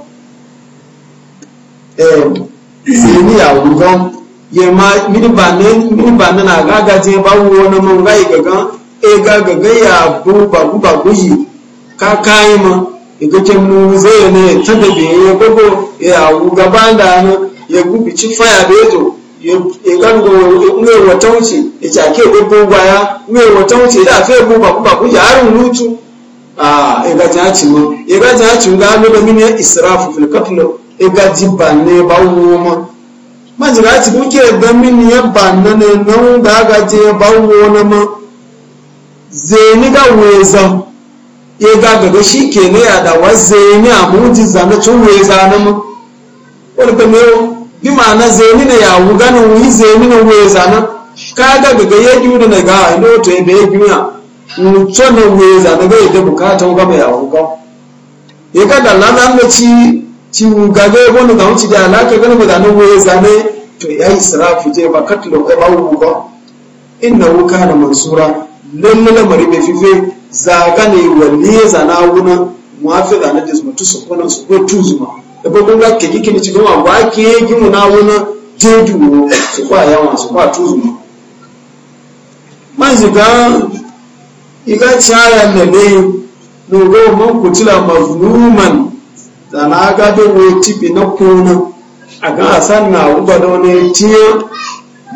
zini a wugan ya ma minibane na gagaje ba wani mun gai gagan e gagaga ya buba buba guyi ka kayi ma iga kemnu zai ne ta da biye ya gogo ya wuga banda na ya gubi ci faya beto ya gango ah, ne wata wuce ya cake gogo gwaya ne wata wuce da fe buba buba guyi harin lutu a iga jaci ma iga jaci ga mini israfu fil kafin igaji banne ba woma majira ti kuke ga mini ya banna na nan ga gaje ba wona ma zeni ga weza ya ga ga shi ke ne ya da wazeni a mujiza na tun weza na ma. wani ka mewo bi na zeni na ya wuga na wuyi zeni na weza na ka ga ga ya giyu na ga ino to ya bai giyu ya mutu na weza na ga ya da bukata wuga mai ya wuga ya ga da lanar da ci ci gaga ya gwanu da wuce da alaka gani ba zanen waye zane to ya yi sirafi fije ba katla ko ba wu ba inna wuka na mansura lalle lamari bai fife zaga ne wanne ya zana wuna mafi zane da zuma tusa kwanan su ko tuzuma da ba kun ga kiki kini ci gama ba ke yi mu na wuna jeju su kwa yawa su kwa tuzuma man ziga iga caya ne ne nogo man kutila mazluman zana ga da wuci bi na kuna a ga asan na uba da wani tiya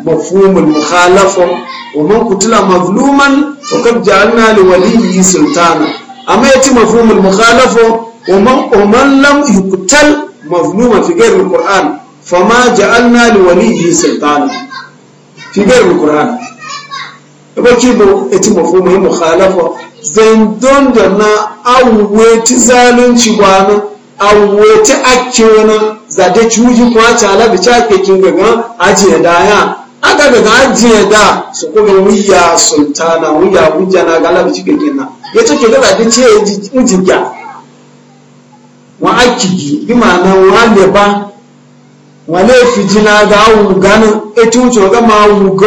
mafhumul mukhalafa wa man kutila mazluman faqad ja'alna li waliyi sultana amma yace mafhumul mukhalafa wa man umman lam yuqtal mazluman fi ghayri alquran fama ja'alna li waliyi sultana fi ghayri alquran baki bo ci mafhumul mukhalafa zan don da na awwe ci zalunci gwanin awote akyono zade chuji kwa chala bicha ke kingaga ajiye da ya aka daga ajiye da su kuma wiya sultana wiya hujja na gala bici ke kinna yace ke da ya ce ujiga wa akigi bi ma'ana wale ba wale fijina ga awu ganin etuto ga ma wugo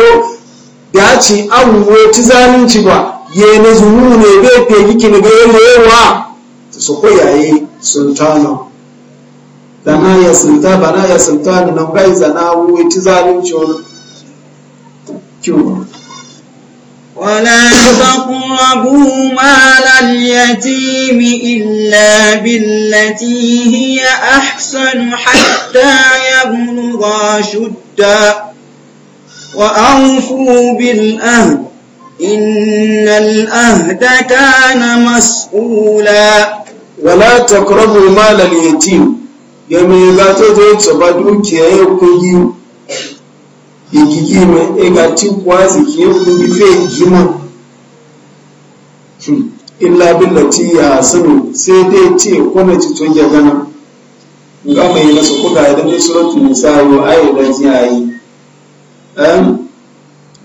da ci awu ti zalunci ba ye na zumu ne be pe yiki ne ga yewa su koyaye sultano dana ya sulta bana ya sultano nan gai zana wuyi ci zalunci wani ولا تقربوا مال اليتيم إلا بالتي هي أحسن حتى يبلغ شده وأوفوا بالأهد إن الأهد كان مسؤولا ولا تقربوا مال اليتيم يمي غاتو دو تبادو كي يكوي يكيكيما إغاتي كوازي كي يكوي فيكيما illa billati ya sanu sai dai ce kone ci tun ya gana ga mai nasu kuka idan dai suratul nisa yo ayi da ji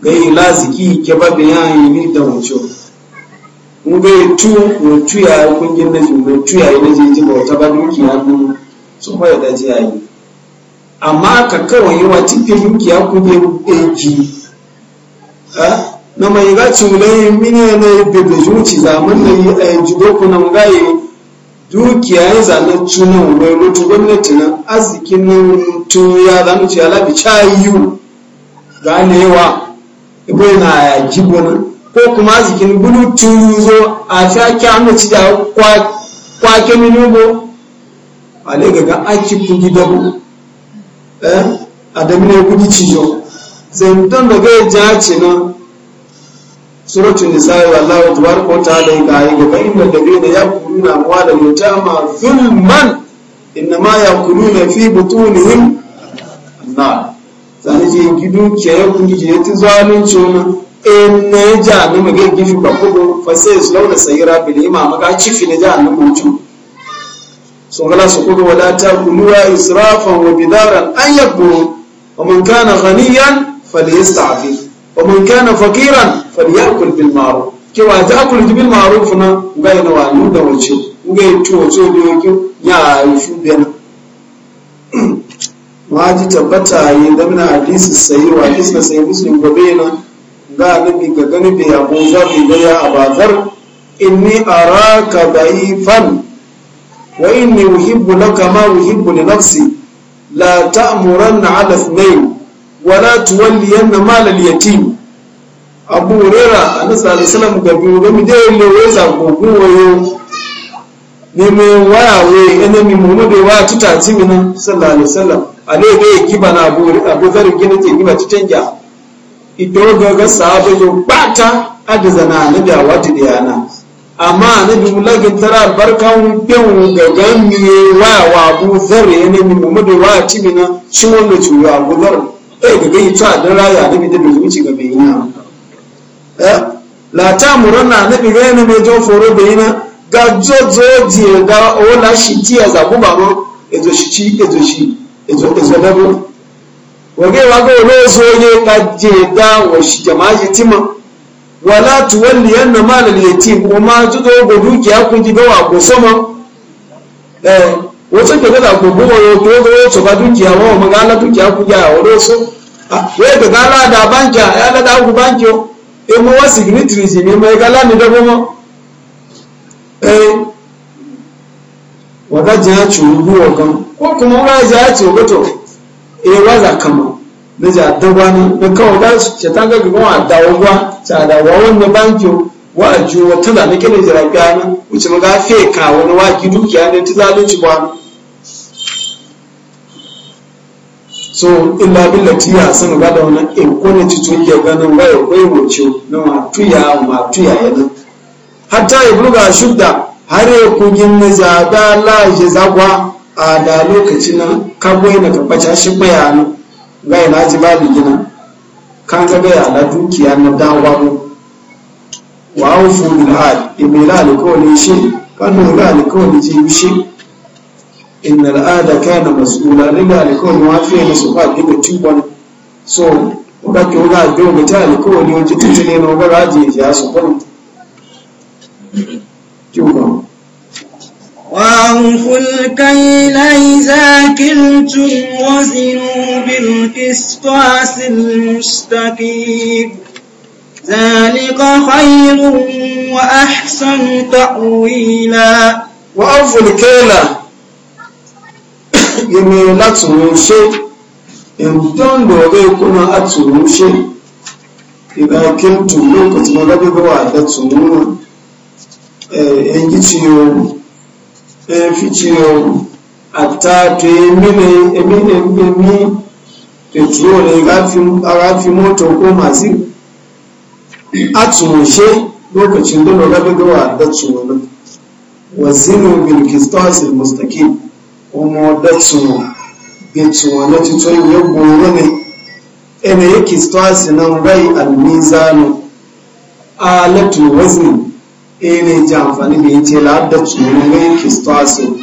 gai laziki ke ba bayani ni da wuce mun bai tu mu tuya kungin na mu tuya ya je ji bauta ba dukiya nan su ba da ji ayi amma ka kawai yi wa cikin dukiya kungin ɗinki ha na mai ga cimulai mini ne bebe zuci zaman da yi a yanzu doku nan gaye dukiya ya zanen tunan wani mutu gwamnati nan arzikin nan tun ya zanen ciya labi cayi yiwu ganewa na jibo ko kuma zikin bulu turu zo a ta kyamu ci da kwake minugo a ne gaga aki da bu a damina ne kudi cijo zai don daga ya ja ce nan suratun nisa'i wallahu tabaraka wa da ga yi ga inda da bai da ya kuluna amwala ma zulman kuru na fi butunihim annar zane je gidu ke ya kungi je ti zalunci wani in na ya ji annama ga gifi ba kudu fa sai su launa sayira bil imama ga cifi na ji annama mutum sun gana su kudu wadata kuluwa israfan wa bidaran an yabbo wa mun kana ghaniyan sa'afi wa mun kana fakiran faqiran falyakul bil ma'ruf kewa ta akul bil ma'ruf na ga ina wa da wace ga to to da yake ya yi shubiyan waji tabbata yi damna hadisi sayi wa hadisi na sayi muslim gobe na ga nabi ga gani bai abu zabi da ya abazar inni araka da'ifan wa inni uhibbu laka ma uhibbu li nafsi la ta'muranna 'ala ithnayn wa la tuwalliyanna mal al-yatim abu hurera annabi sallallahu alaihi wasallam ga biyu da mije le weza gogo wayo ne me wayawe ene mi muhammadu wa tutaci timina sallallahu alaihi wasallam ale be giba na abu abu zar gina ke giba ci tanja ito ga ga sahabu yo bata adiza na nabi awati diyana amma nabi mulagin tara barkan bin ga gamiye wa wa abu zar ne mu muhammadu wa ci mina shi wanda ci yo abu zar eh ga gai ta da raya nabi da zuci ga bai yana e, la ta muranna nabi ga ne mai jo foro bai yana ga jo ji ga ola shi ti ya zabu baro ezo shi ti ezo shi ìzọ́kẹsẹ̀ lẹ́bùn wọ́gẹ́ ìwágó olóòsó oyé ká jẹ́ ẹ̀dá wọ̀ṣì jẹ̀má yìí tí mọ́ wọ́n láti wọ́n lè ẹ̀nà máa lè lè tí mo máa tó tó gbò dúkìá kún jí bẹ́wà kò sọ́mọ́ ẹ̀ wọ́n tó gbẹ̀gbẹ̀ àgbò bó wọn yóò tó tó tó bá dúkìá wọn ò mọ̀gá alá dúkìá kún jà olóòsó wọ́n gbẹ̀gbẹ̀ aláàdá báńkì aláàdá kú báńkì o èmo wọ́n sìgírítìrì sì waga jiya curu buwa kan ko kuma waga jiya ce waga to e eh, waza kama na ja dagwa ne na kawo ga ce ta ga gaban a dawo ba ta da wawan na banki wa a ju wata da na kene jira ga wuce ma ga fe ka wani wa ki dukiya ne ta ci ba so illa billati ya san ga da wannan e ko ne ci tun ya ganin wa ya koyi wuce na ma tuya ma tuya yana hatta ibnu ga shudda har ya kugin na zaga laje zagwa a da lokaci nan kagwai na kabbaca shi bayanu gai na ji babu gina kan ga ya la dukiya na dawa mu wa awfu bil ahd ibila alkawli shi kan da alkawli ji shi inna al ahda kana mas'ula riga alkawli wa fi nasu ba diga tubon so ga ke ga do mutane alkawli wajen tutune no ga raji ya su kun وأوفوا الكيل إذا كلتم وزنوا بالقسطاس المستقيم ذلك خير وأحسن تأويلا وأوفوا الكيل يمي لا تنوشي يمتون لوريكنا أتنوشي إذا كلتم لوكت مغبب وعدت نونا egici eh, yowu efici eh, yowu ata to emi petrol agafi moto ko masu atumushe lokacin da na rabe gawa da tsuwa wa zinu bil kistasil kuma ya ne ene yake stasi nan rai al mizanu Ɗaya eh, ne ji amfani da mai ce la'adda tsoron rai kistasin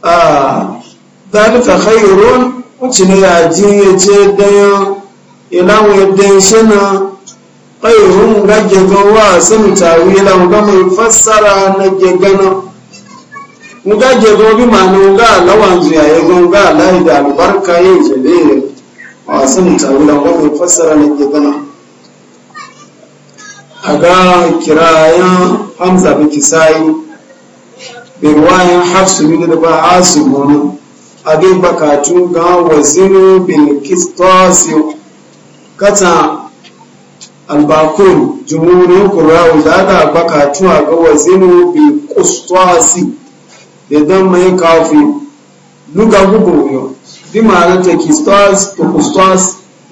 a dalika khairun wacce ne ya ji ya ce dayan ilawun yadda ya shana khairun gage wa sun tawi na ga mai fassara na gegana nga jego bi ma no ga lawan zuya yego ga lahi da albarka yin jale wasu mutawi na ga mai fassara na gegana a ga kirayen hamza bin kisayi bin wayan hafsu bin da ba a su gona abin bakatu ga wazinu bin kistasi kata albakun jumurin kurawu da aka bakatu a ga wazinu bin kistasi idan mai kafin luka gugu yau bí màá lọ tẹ kìstọ́s tó kìstọ́s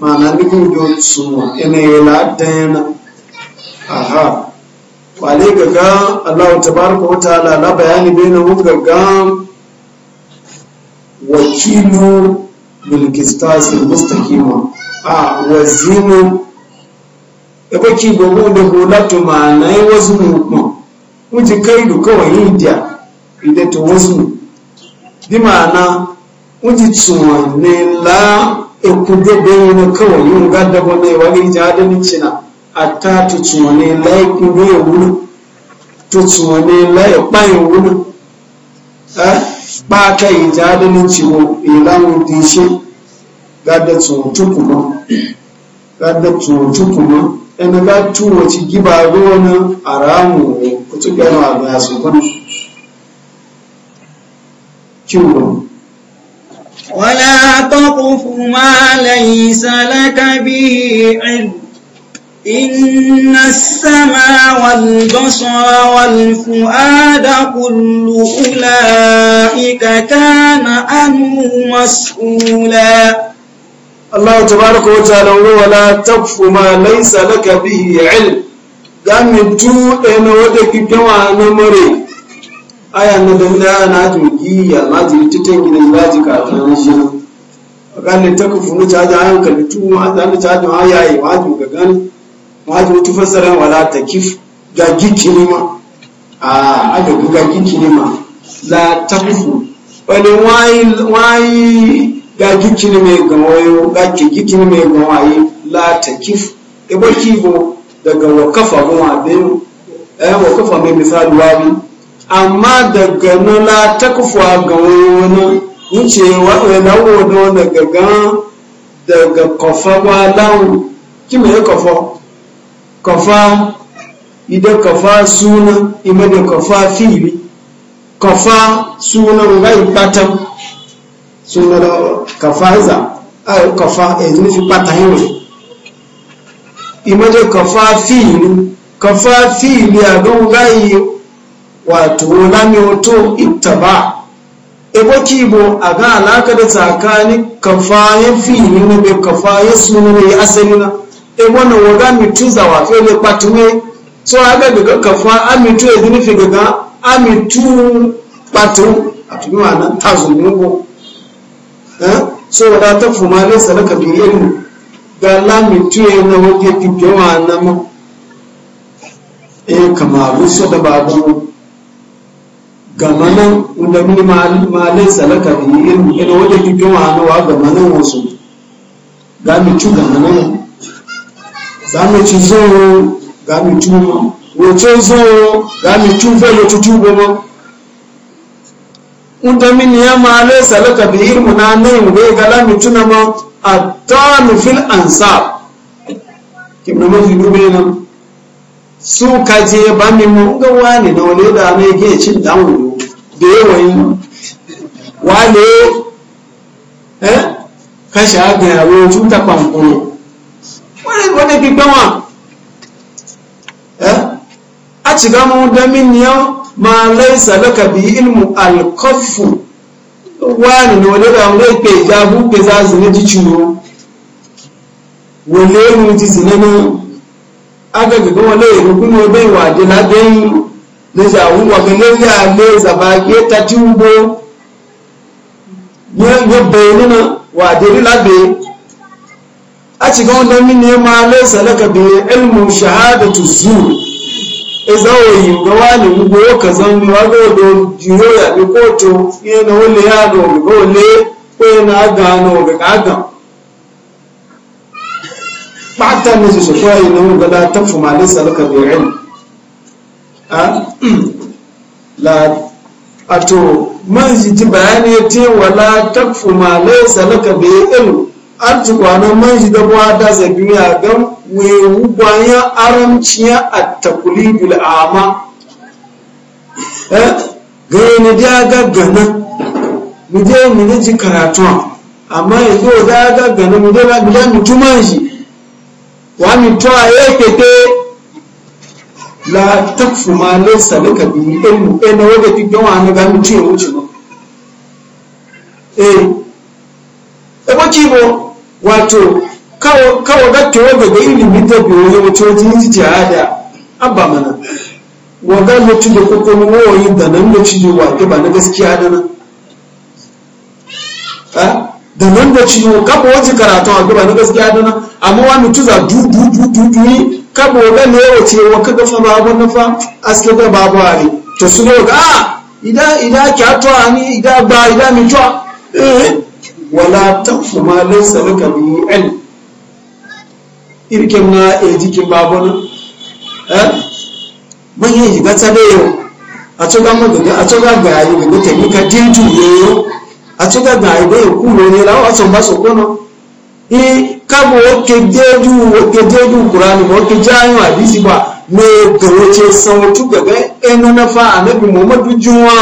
màá lọ nígbà tó sùn wọn ẹnìyẹn là á dẹ́yìn náà. aha kwale gaga Allah tabaraka wa ta'ala na bayani baina mun gaga wakilu bil qistas mustaqima a wazinu ebe ki gogo da golatu ma nai wasu mu ji kai da kawai india ida to wasu di ma'ana ji tsuwa ne la ekudo bayyana kawai yin gadda ne wani jadalin cina ata tuntun wọn ní láìpínlẹ ìwúlò tuntun wọn ní láìpá ìwúlò ẹ páàkẹ ìjáde ní tiwọn ìlànà ìdíṣẹ gádẹ tún òtúkù mọ gádẹ tún mọ ẹni bá tú wọn ti gíba lọ́wọ́ ní àràmù kótógbẹrún àgbà àsùnkún kí wọn. ولا تقف ما ليس لك به علم إن السمع والبصر والفؤاد كل أولئك كان عنه مسؤولا الله تبارك وتعالى ولا تقف ما ليس لك به علم دام تو انا ودك كما انا مري aya na dauna na jirgi ya ma jirgi ta gidan laji ka tunan shi a ganin ta kufu na hankali tu ma ta ni caji ma yayi ma jirgi waje wata fassara wala ta kif ga gikilima a aga ga gikilima la ta kufu wani wayi ga gikilima ga wayo ga gikilima ga wayi la ta kif ibo kifo daga wakafa kuma abin ya wakafa mai misali wabi amma daga na la ta kufu ga wani wuce na wodo daga gan daga kofa wa lawu kima ya kofa kafa idan kafa suna ima da kafa fili kafa suna rai patan suna da kafa za a kafa e nufi patan ne ima da kafa fili kafa fili a ga rai wato lami wato ba ebo kibo a ga alaka da tsakanin kafa ya fili na bai kafa ya suna ya asali na ebona woga mituza wafe le patuwe so aga daga kafa amitu ezini fi gaga amitu patu atumi wana tazo nugo eh so wada ta fuma ne salaka bi ilmu ga la mitu e na woge kipe wana eh, ma e kamaru so da babu gamanan wanda mini malin salaka bi ilmu e ina woge kipe wana wa gamanan wasu ga mitu gamanan zamici zoro gami tuma wace zoro gami tufe wato tubo ba unta min ya ma le salaka bi ilmu na nan ga gala mituna ma atanu fil ansab kibna ma fi dube nan su kaje ba mi mu ga wani dole da ne ke cin dawo da yawan wale eh kasha ga yaro ta kwankuro wọ́n fi gbọ́n wọn a ci ma laisa bi ilmu alkafu wani na wani da wani pe ja bupe za ciwo wale mu ji zina na aga gaga wale ya rukun wa bai wa de na bai na jawu wa ga ne ya le zaba ke ta ci ubo ya bayyana wa a cikin wannan min ne ma laisa laka bi ilmu shahadatu zur iza wayi ga wani mugo ka zan wa go do jiro ya bi koto na wale ya do go le ko na ga no ga gaga fata ne su sofa yi na ga la tafu ma laisa laka bi ilm a la ato man ji bayani te wala takfu ma laisa laka bi ilm arti kwanan man shi da buwa ta zabi ya gan wewu bayan aramciya a takuli bil'ama eh, gani na da gaggana mu je mu ne ji karatu amma yanzu da gaggana mu je na je mutu tuma shi wa mi to a yake te la takfu ma laysa salika bi ilmu eh na wanda ti gawa na ga mutu ya wuce ba eh e ba ki bo wato kawo gattowa daga ilimin da biyu ya wuce wajen yi jihada abba mana waga mutu da kokon wayoyin da nan da ciyo wake ba na gaskiya da nan da nan da ciyo kaba wajen karatu wake ba na gaskiya da nan amma wa mutu za du du du du du yi kaba waga ne ya wace wa kaga fa babu na fa aske ba babu wari to su ne waga a idan idan ki ni idan ba idan mutuwa eh wala taqfu ma laysa laka bihi ilm irkem na e jikin babon eh mun yi ga tsade yo a tsoga mu ga a tsoga ga yi ga ta ni ka tinju yo a tsoga ga yi ga ku ne ne lawo a tson ba so kono e ka mo ke deju o ke deju qur'ani mo ke jayo hadisi ba me garoce sautu enu na fa annabi muhammadu juwa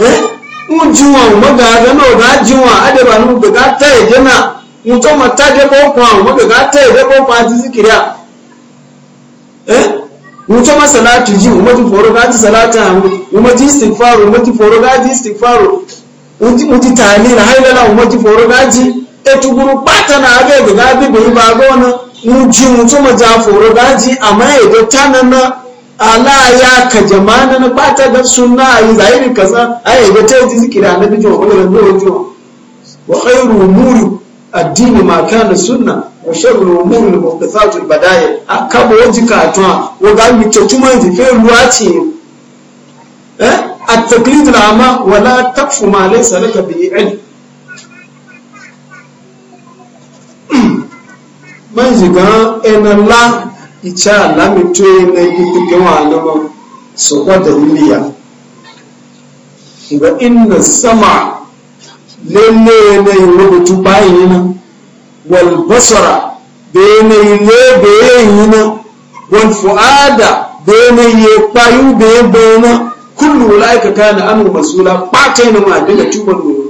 eh ujuwa magaga no ga juwa ade ba nu ga ta ede na muto mata de ko a mu ga ta ede ko kwa ti zikira eh muto ma salati ji mu ti foro ga ti salata mu mu ti istighfaru mu ti foro ga ti istighfaru uti mu ti tali ra hayla la mu ti foro ga ji e pata na ga bi bi ba go na mu ji ma ja foro ga tanana ala ya ka jama'a na bata da sunna ayi zahiri kaza ayi ga ta ji zikira na bijo ko da ne jo wa khairu umuri addini ma kana sunna wa sharru umuri muhdathat al badaya akabo jika to wa ga mi to tuma ji fe ruwaci eh at taqlid al ama wa la taqfu ma laysa laka bi ilm man jiga enalla icha lamito na ikike wa'alama su kwada miliya ga inna sama lalle na yi rubutu bayan na, wal basara da yi ne da yi na wal fu'ada da yanayi ya kwayo da ya bayana kullu la'aika kana anu masula ɓata yana ma daga tuban nuna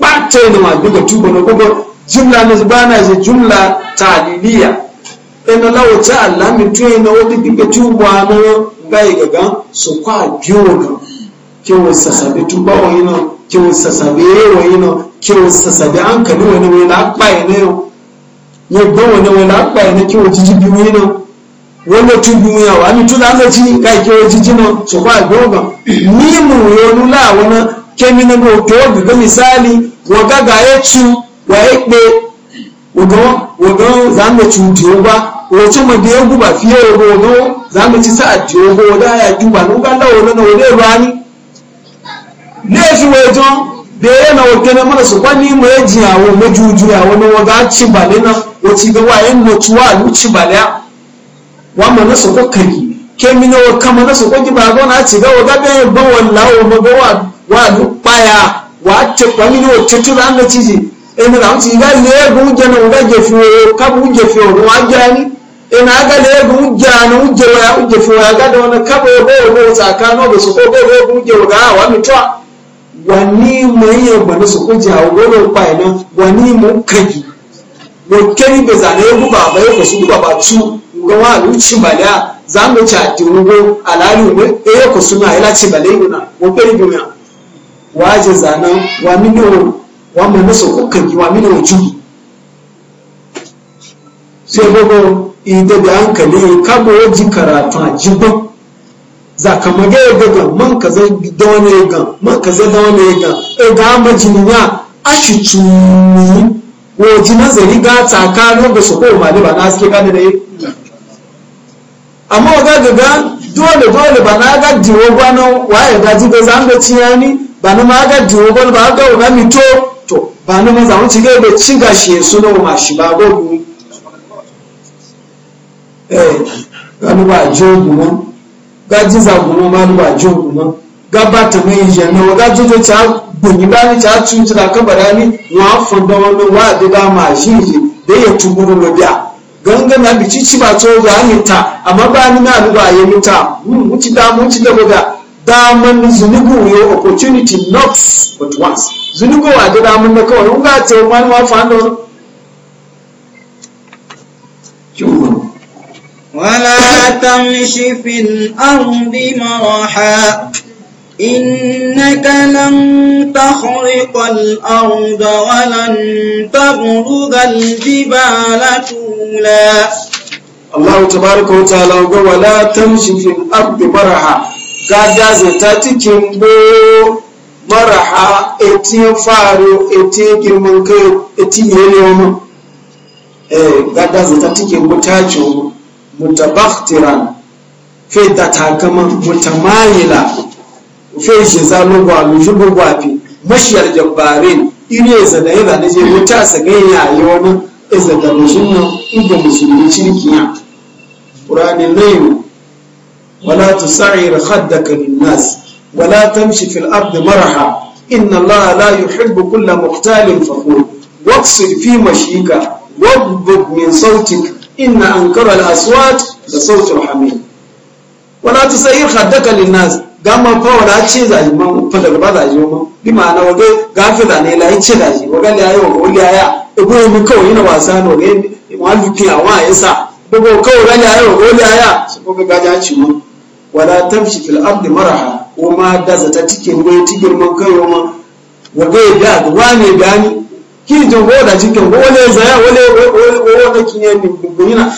ɓata yana ma daga tuban nuna jumla na zubana je jumla taliliya ina lawo ta Allah mi to ina wodi bibe tuwa no ngai gaga so kwa biyo ke wo sasabe tuba wo ina ke wo sasabe wo ina ke wo sasabe an kani wani wani akpa ina yo ye gbo wani wani akpa ina ke wo jiji bi ina wani tu bi ya wa mi tu la zaji kai ke wo jiji no so kwa biyo ga ni mu yo nula wana kemi na go to ga misali wa gaga ya waye pe za mu ci cuto ba wace mu da ya guba fiye da gogo za mu ci sa'a jogo da ya juba nun ga lawo na wode rani ne shi wajo da ya na wote na mana su kwani mu ya ji awo mu juju ya wadda a ci bale na wace ga wayan mu tuwa lu ci bale wa mu na su kokari ke mi na waka mu na su koki ba ga na ci ga waga be ba wallahi mu ga wa wa du paya wa te kwani ne wote tu ran da ciji ina na ti ga le gu je no ga je fu ka bu je fu no wa ja ni ina ga le gu ja no je wa je fu wa ga do na ka bo bo bo sa ka no bo so ko bo bu je ga wa mi twa wani mai ya bani su ko ja wo lo pa ina wani mu kaji wo keni be za le gu ba ba ko su ba ba tu ga wa lu chi ba ya za mu cha ti wo alali wo e ko su na ila chi ba le na wo keni bi ya wa je za na wa mi no wọ́n mọ̀ mọ́sọ̀ kó kàn yíwa nínú ojú sai gbogbo ìdẹ̀dẹ̀ hankali kabo ji karata jibin zakamage ya gaga man ka zai da wani ya gan man ka zai da wani ya gan e ga majini ya ashi tuni waje nazari ga tsakanin ba su ko mali ba na haske gane da yi amma ga gaga dole dole ba na ga diwo gwanon waye ga ji ga zango ciyani ba na ma ga diwo gwanon ba ga ga mito ba na maza wuce gai da cin gashi ya suna wa mashi ba gogu eh gani ba jogu ma gaji zagumo ma ni ba jogu ma gabata mai jana wa gaji da ta gunyi ba ni ta tun hmm, tira kabara ni wa funda wani wa da ga ma shi ji da ya tumuru na biya gangana bici ci ba tso ga ni ta amma ba ni na ni ba ya ni ta wuci da mu ci da boga daman zunubu yau. opportunity not but once zunubu wa da daman na kawai in ce man wa fa ando wala tamshi fil ardi إنك لن تخرق الأرض ولن تبلغ الجبال طولا الله تبارك وتعالى ولا تمشي في الأرض مرحا gada zata cikin bo maraha etin faro etin girman kai etin yele mu eh gada zata cikin bo ta ci mutabaktiran fe da takama mutamayila fe shi zalo gwa mu shi gwa fi mashiyar jabbarin ine zada yana da je muta sa ganya yi wani izada mu shi nan inda musulmi cirkiya qur'anin layu ولا تسعر خدك للناس ولا تمشي في الأرض مرحا إن الله لا يحب كل مختال فخور واقصد في مشيك واضبط من صوتك إن أنكر الأصوات لصوت الحميد ولا تسعر خدك للناس gama fa wala ce zaji man fa daga ba zaji man bi ma'ana waje gafi zane la ce zaji waga la yayi waga wali aya ego mi kawai ina wasa no ga ma duki awa yasa dogo kawai ga la yayi waga wali aya su ko ga gaja ci mun wala tamshi fil ardi maraha kuma da zata cikin wai cikin man kayo ma waga ya da wane gani ki da cikin go wale zaya wale wale kin ya ni bugina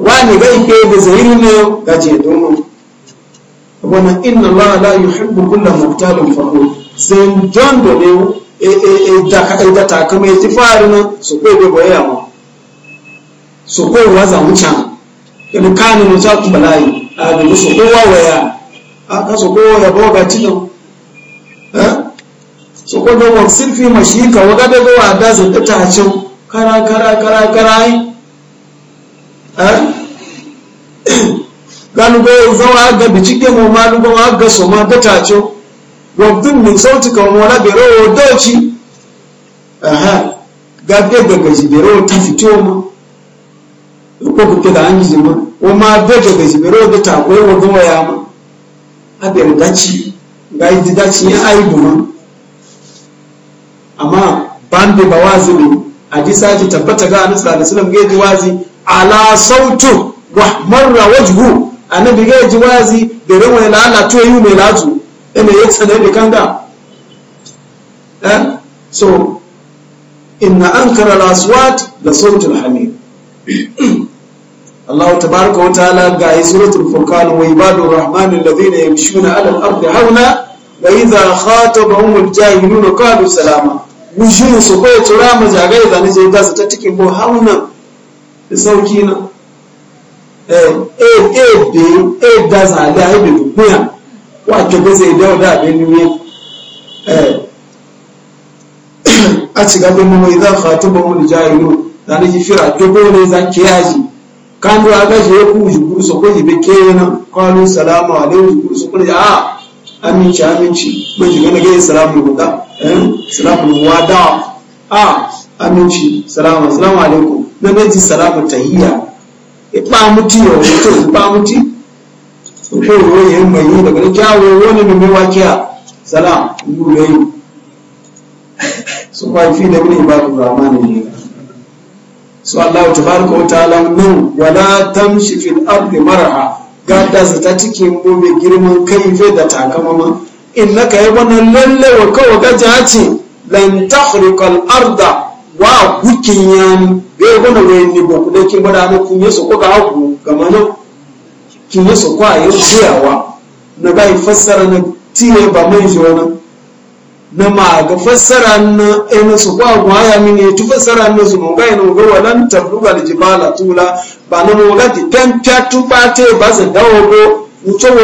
wane ga ike da zahiri ne ga je domin wannan inna allaha la yuhibbu kulla muhtalin fakhur zan don do ne e, e, e, e ta kuma yi farin su ko abin su kowa waya a kasu kowa ya bawa ga cinan su kwa gaba sirfi mashika wa gada gawa da su ta tacin kara kara kara kara yi gani bai zawa ga bicike mu ma duba ma ga su ma ta tacin sauti kan wala bere o doci aha gabe gaga jibere o ta fito mu ko kuke da an yi Uma ma beto beji da beta ko wo ya ma abere dachi ga idi dachi ya ai duma amma bande bawazi ne hadisa ji tabbata ga annabi sallallahu alaihi wasallam geji wazi ala sautu wa marra wajhu annabi geji wazi na wani to yu mai latu ene yatsane da kanga eh so inna ankara al-aswat la sautul hamid الله تبارك وتعالى قاعد سورة الفرقان وعباد الرحمن الذين يمشون على الأرض هونا وإذا خاطبهم الجاهلون قالوا سلاما وجوه سكوية ترامة جاقاية ذا نجي داسة تتكي بو هونا لسوكينا eh eh be eh da za da ai be kuya wato ba zai dawo da be ne eh a ci gaba mu mai za khatibu mu jahilu da ne fira to ne za ki yaji a gashi ya ku jikuru so ko ibe kenan qalu salamu alaikum jikuru so ko a ah, aminci aminci mun salama gane gai salamu guda eh salamu wada a ah, aminci salama salamu alaikum na meji salamu tahiyya ipa e muti yo e to ba muti so ko wo yin mai daga ne kyawo wani ne mai wakiya salam mu yayi so ko fi da mun ibadu rahmani ne so Allah tabaraka wa ta'ala nan wala tamshi fil ardi marha gada su ta cikin mu mai girman kai fe da takamama innaka ya wannan lalle wa kawa gaja ce lan tahriqa al arda wa gukin yan be gona wai ni ba ku dake bada mu kun yaso ko ga ku kamar nan kin yaso kwa yau ciyawa na bai fassara na tiye ba mai jona na maga fassara na ina eh, su kwa gwaya mini eh, tu fassara na su monga ina ga da jibala tula ba na monga ti pempia tu pate ba za dawo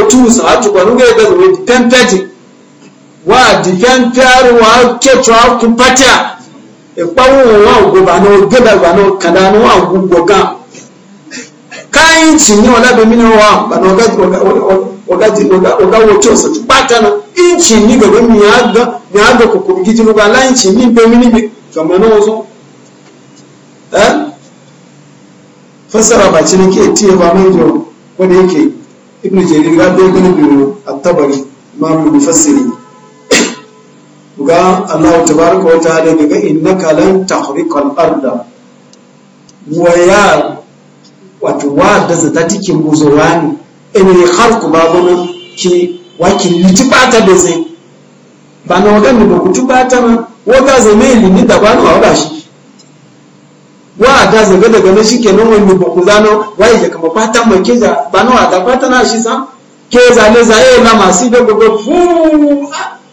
tu sa nuga da zo ti pempia ti wa di e wa ba da ba kada wa ga ni wala mini wa ba tu na ni mi ya ga ya ga ku kurgi jinu ba layin pe min bai mini gama na wazo eh? fasara ba ci nake tiye ba mai ko da yake ibn jarir ga bai gani biyu a tabari mamu mufassiri ga Allah tabaraka wa ta'ala daga innaka lan tahriqal arda wa ya wato wa da zata tikin buzurani in ba babun ki wakin litibata da zai bana wagambe mukutubatana wakaze meli nidabano awadashi wadaze gada gane shike nomwe mibokuzano waije kama pata mwekeza bana wadapata na shisa keza leza e na masibe eh, gogo fu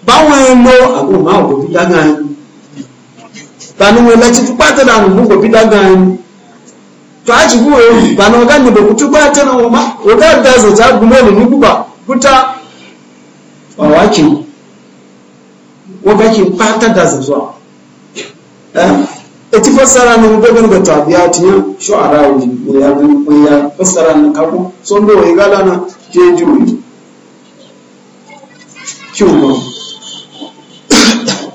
bawemo abu mawo bidangani bana wela chitupata na mungu bidangani twachi kuwe bana wagambe mukutubatana ne ni chagumoni nikuba kuta wawachini wagaki ɓata da zuwa eh? eti fassara ni dogon ga a tiya shu'ara ya ya ya fassara ni kaku son do yi gala na je juyi kyuma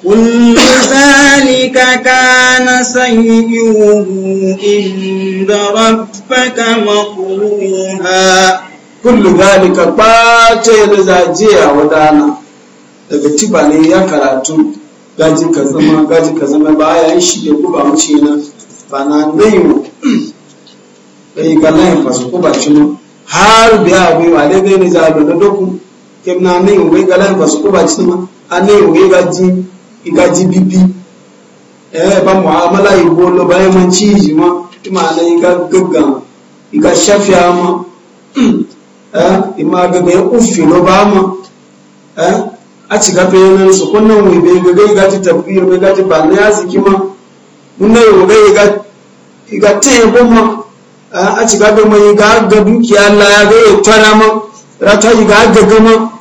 كل ذلك كان سيئه عند ربك مكروها كل ذلك باتي لزاجيا ودانا daga tuba ne ya karatu gajin ka zama gajin ka zama ba ya yi shi ko ba mace na ba na nai mu ɗai ga layin fasu ko ba cinu har biya bai wa dai bai ne za a da doku ke na nai mu bai ga layin fasu ko ba cinu a nai mu bai gaji gaji bibi eh ba mu mu'amala yi bolo bayan man ji ma tuma na yi ga gaga yi ga shafiya ma eh ima ga ga ya ufi lo ba ma eh a ci gafe nan su kunnan wai bai ga gai gaji tabbir bai gaji ba na ya ziki ma mun ne wa gai ga ta yi goma a ci gafe mai ga ga dukiya Allah ya ga ya tara ma rata yi ga ga gama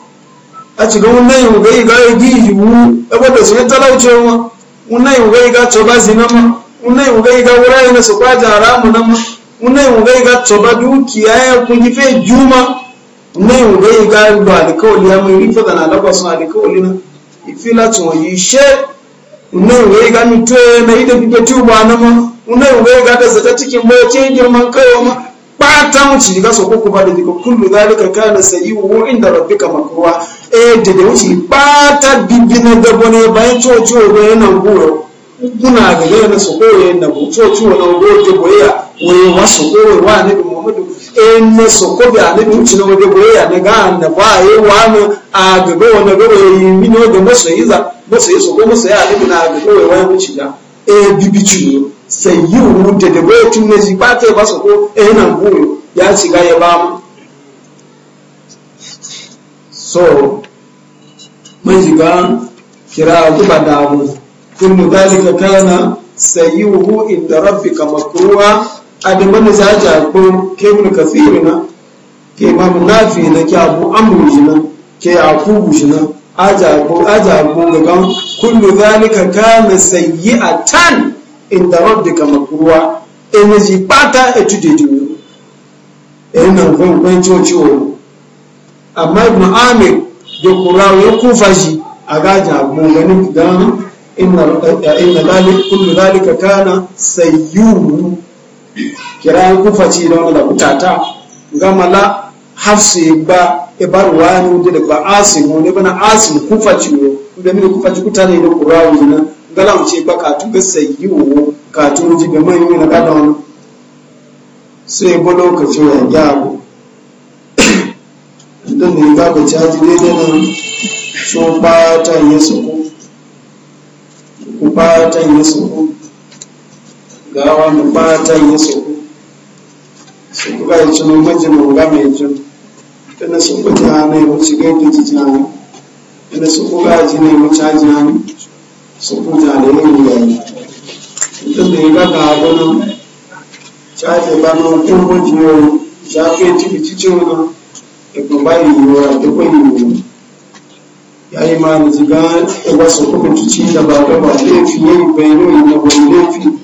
a ci ga mun ne wa gai ga gi yiwu da wanda su talauce ma mun ne wa gai ga to ba zina ma mun ne wa gai ga wurare na su kwaja haramu na ma mun ne wa gai ga to ba dukiya ya kun ji fe juma nan gai gari ba alikawali ya mai rifa da suna lagwasun alikawali na ifila tun she nan gai gani to na yi da bibe tuba na ma nan gai gada zata cikin boke girman kaiwa ma ba ta wuce ga so da dika kullu zalika kana sayyi'u inda rabbika makruha eh da da wuce ba ta bibi na gabo ne bayan cocuwa ga yana goro kuna ga yana so ko yana cocuwa na goro ke boyayya wai wasu kowai wa annabi muhammadu in na so ko bi annabi mutune wabe ya na ga na ba yi wa a gaba wani gaba ya yi mino da masoyi za masoyi so ko masoyi annabi na gaba wai wani wuce da e bibici ne sai yi wuta da goye tun na ji ko e na goyo ya shiga ya so mun shiga kira kuba da abu kullu dalika kana sayyuhu inda rabbika makruha adamana za a jako ke ibn yi na ke imam nafi na ke abu amru jina ke akubu jina ajabu ajabu gagan kullu zalika kana sayyi'atan inda rabbika makruwa eneji pata nan ina kon kon chocho amma ibn amir da kurawa ya kufa shi a gaja maganin dan inna eh, eh, inna zalika kullu zalika kana sayyuhu kira kufa ci da wani da kutata gamala hafsi ba ibar wani da ba asim wani bana asim kufa ci wo da mini kufa ci ne da kurawu na galam ce ba ka tuka sayi wo ka tuji ga mai na kada wani sai ba lokaci ya gyaru don ne ga ba caji daidai nan so ba ta yi su ku ba ta yi su ku da rawa mu fatan ya so su kuka yi cinu mu ga mai jin tana su kuka ne mu shiga ki ji jani tana su kuka ji ne mu ca jani su kuka yayi tun da ya ga ca ce ba mu kun mu ji yau ca ke ci ci ci yi wa da kuma yi ya yi ma da jiga da wasu kuma ci da ba ga ba ya yi bai nuna da wani laifi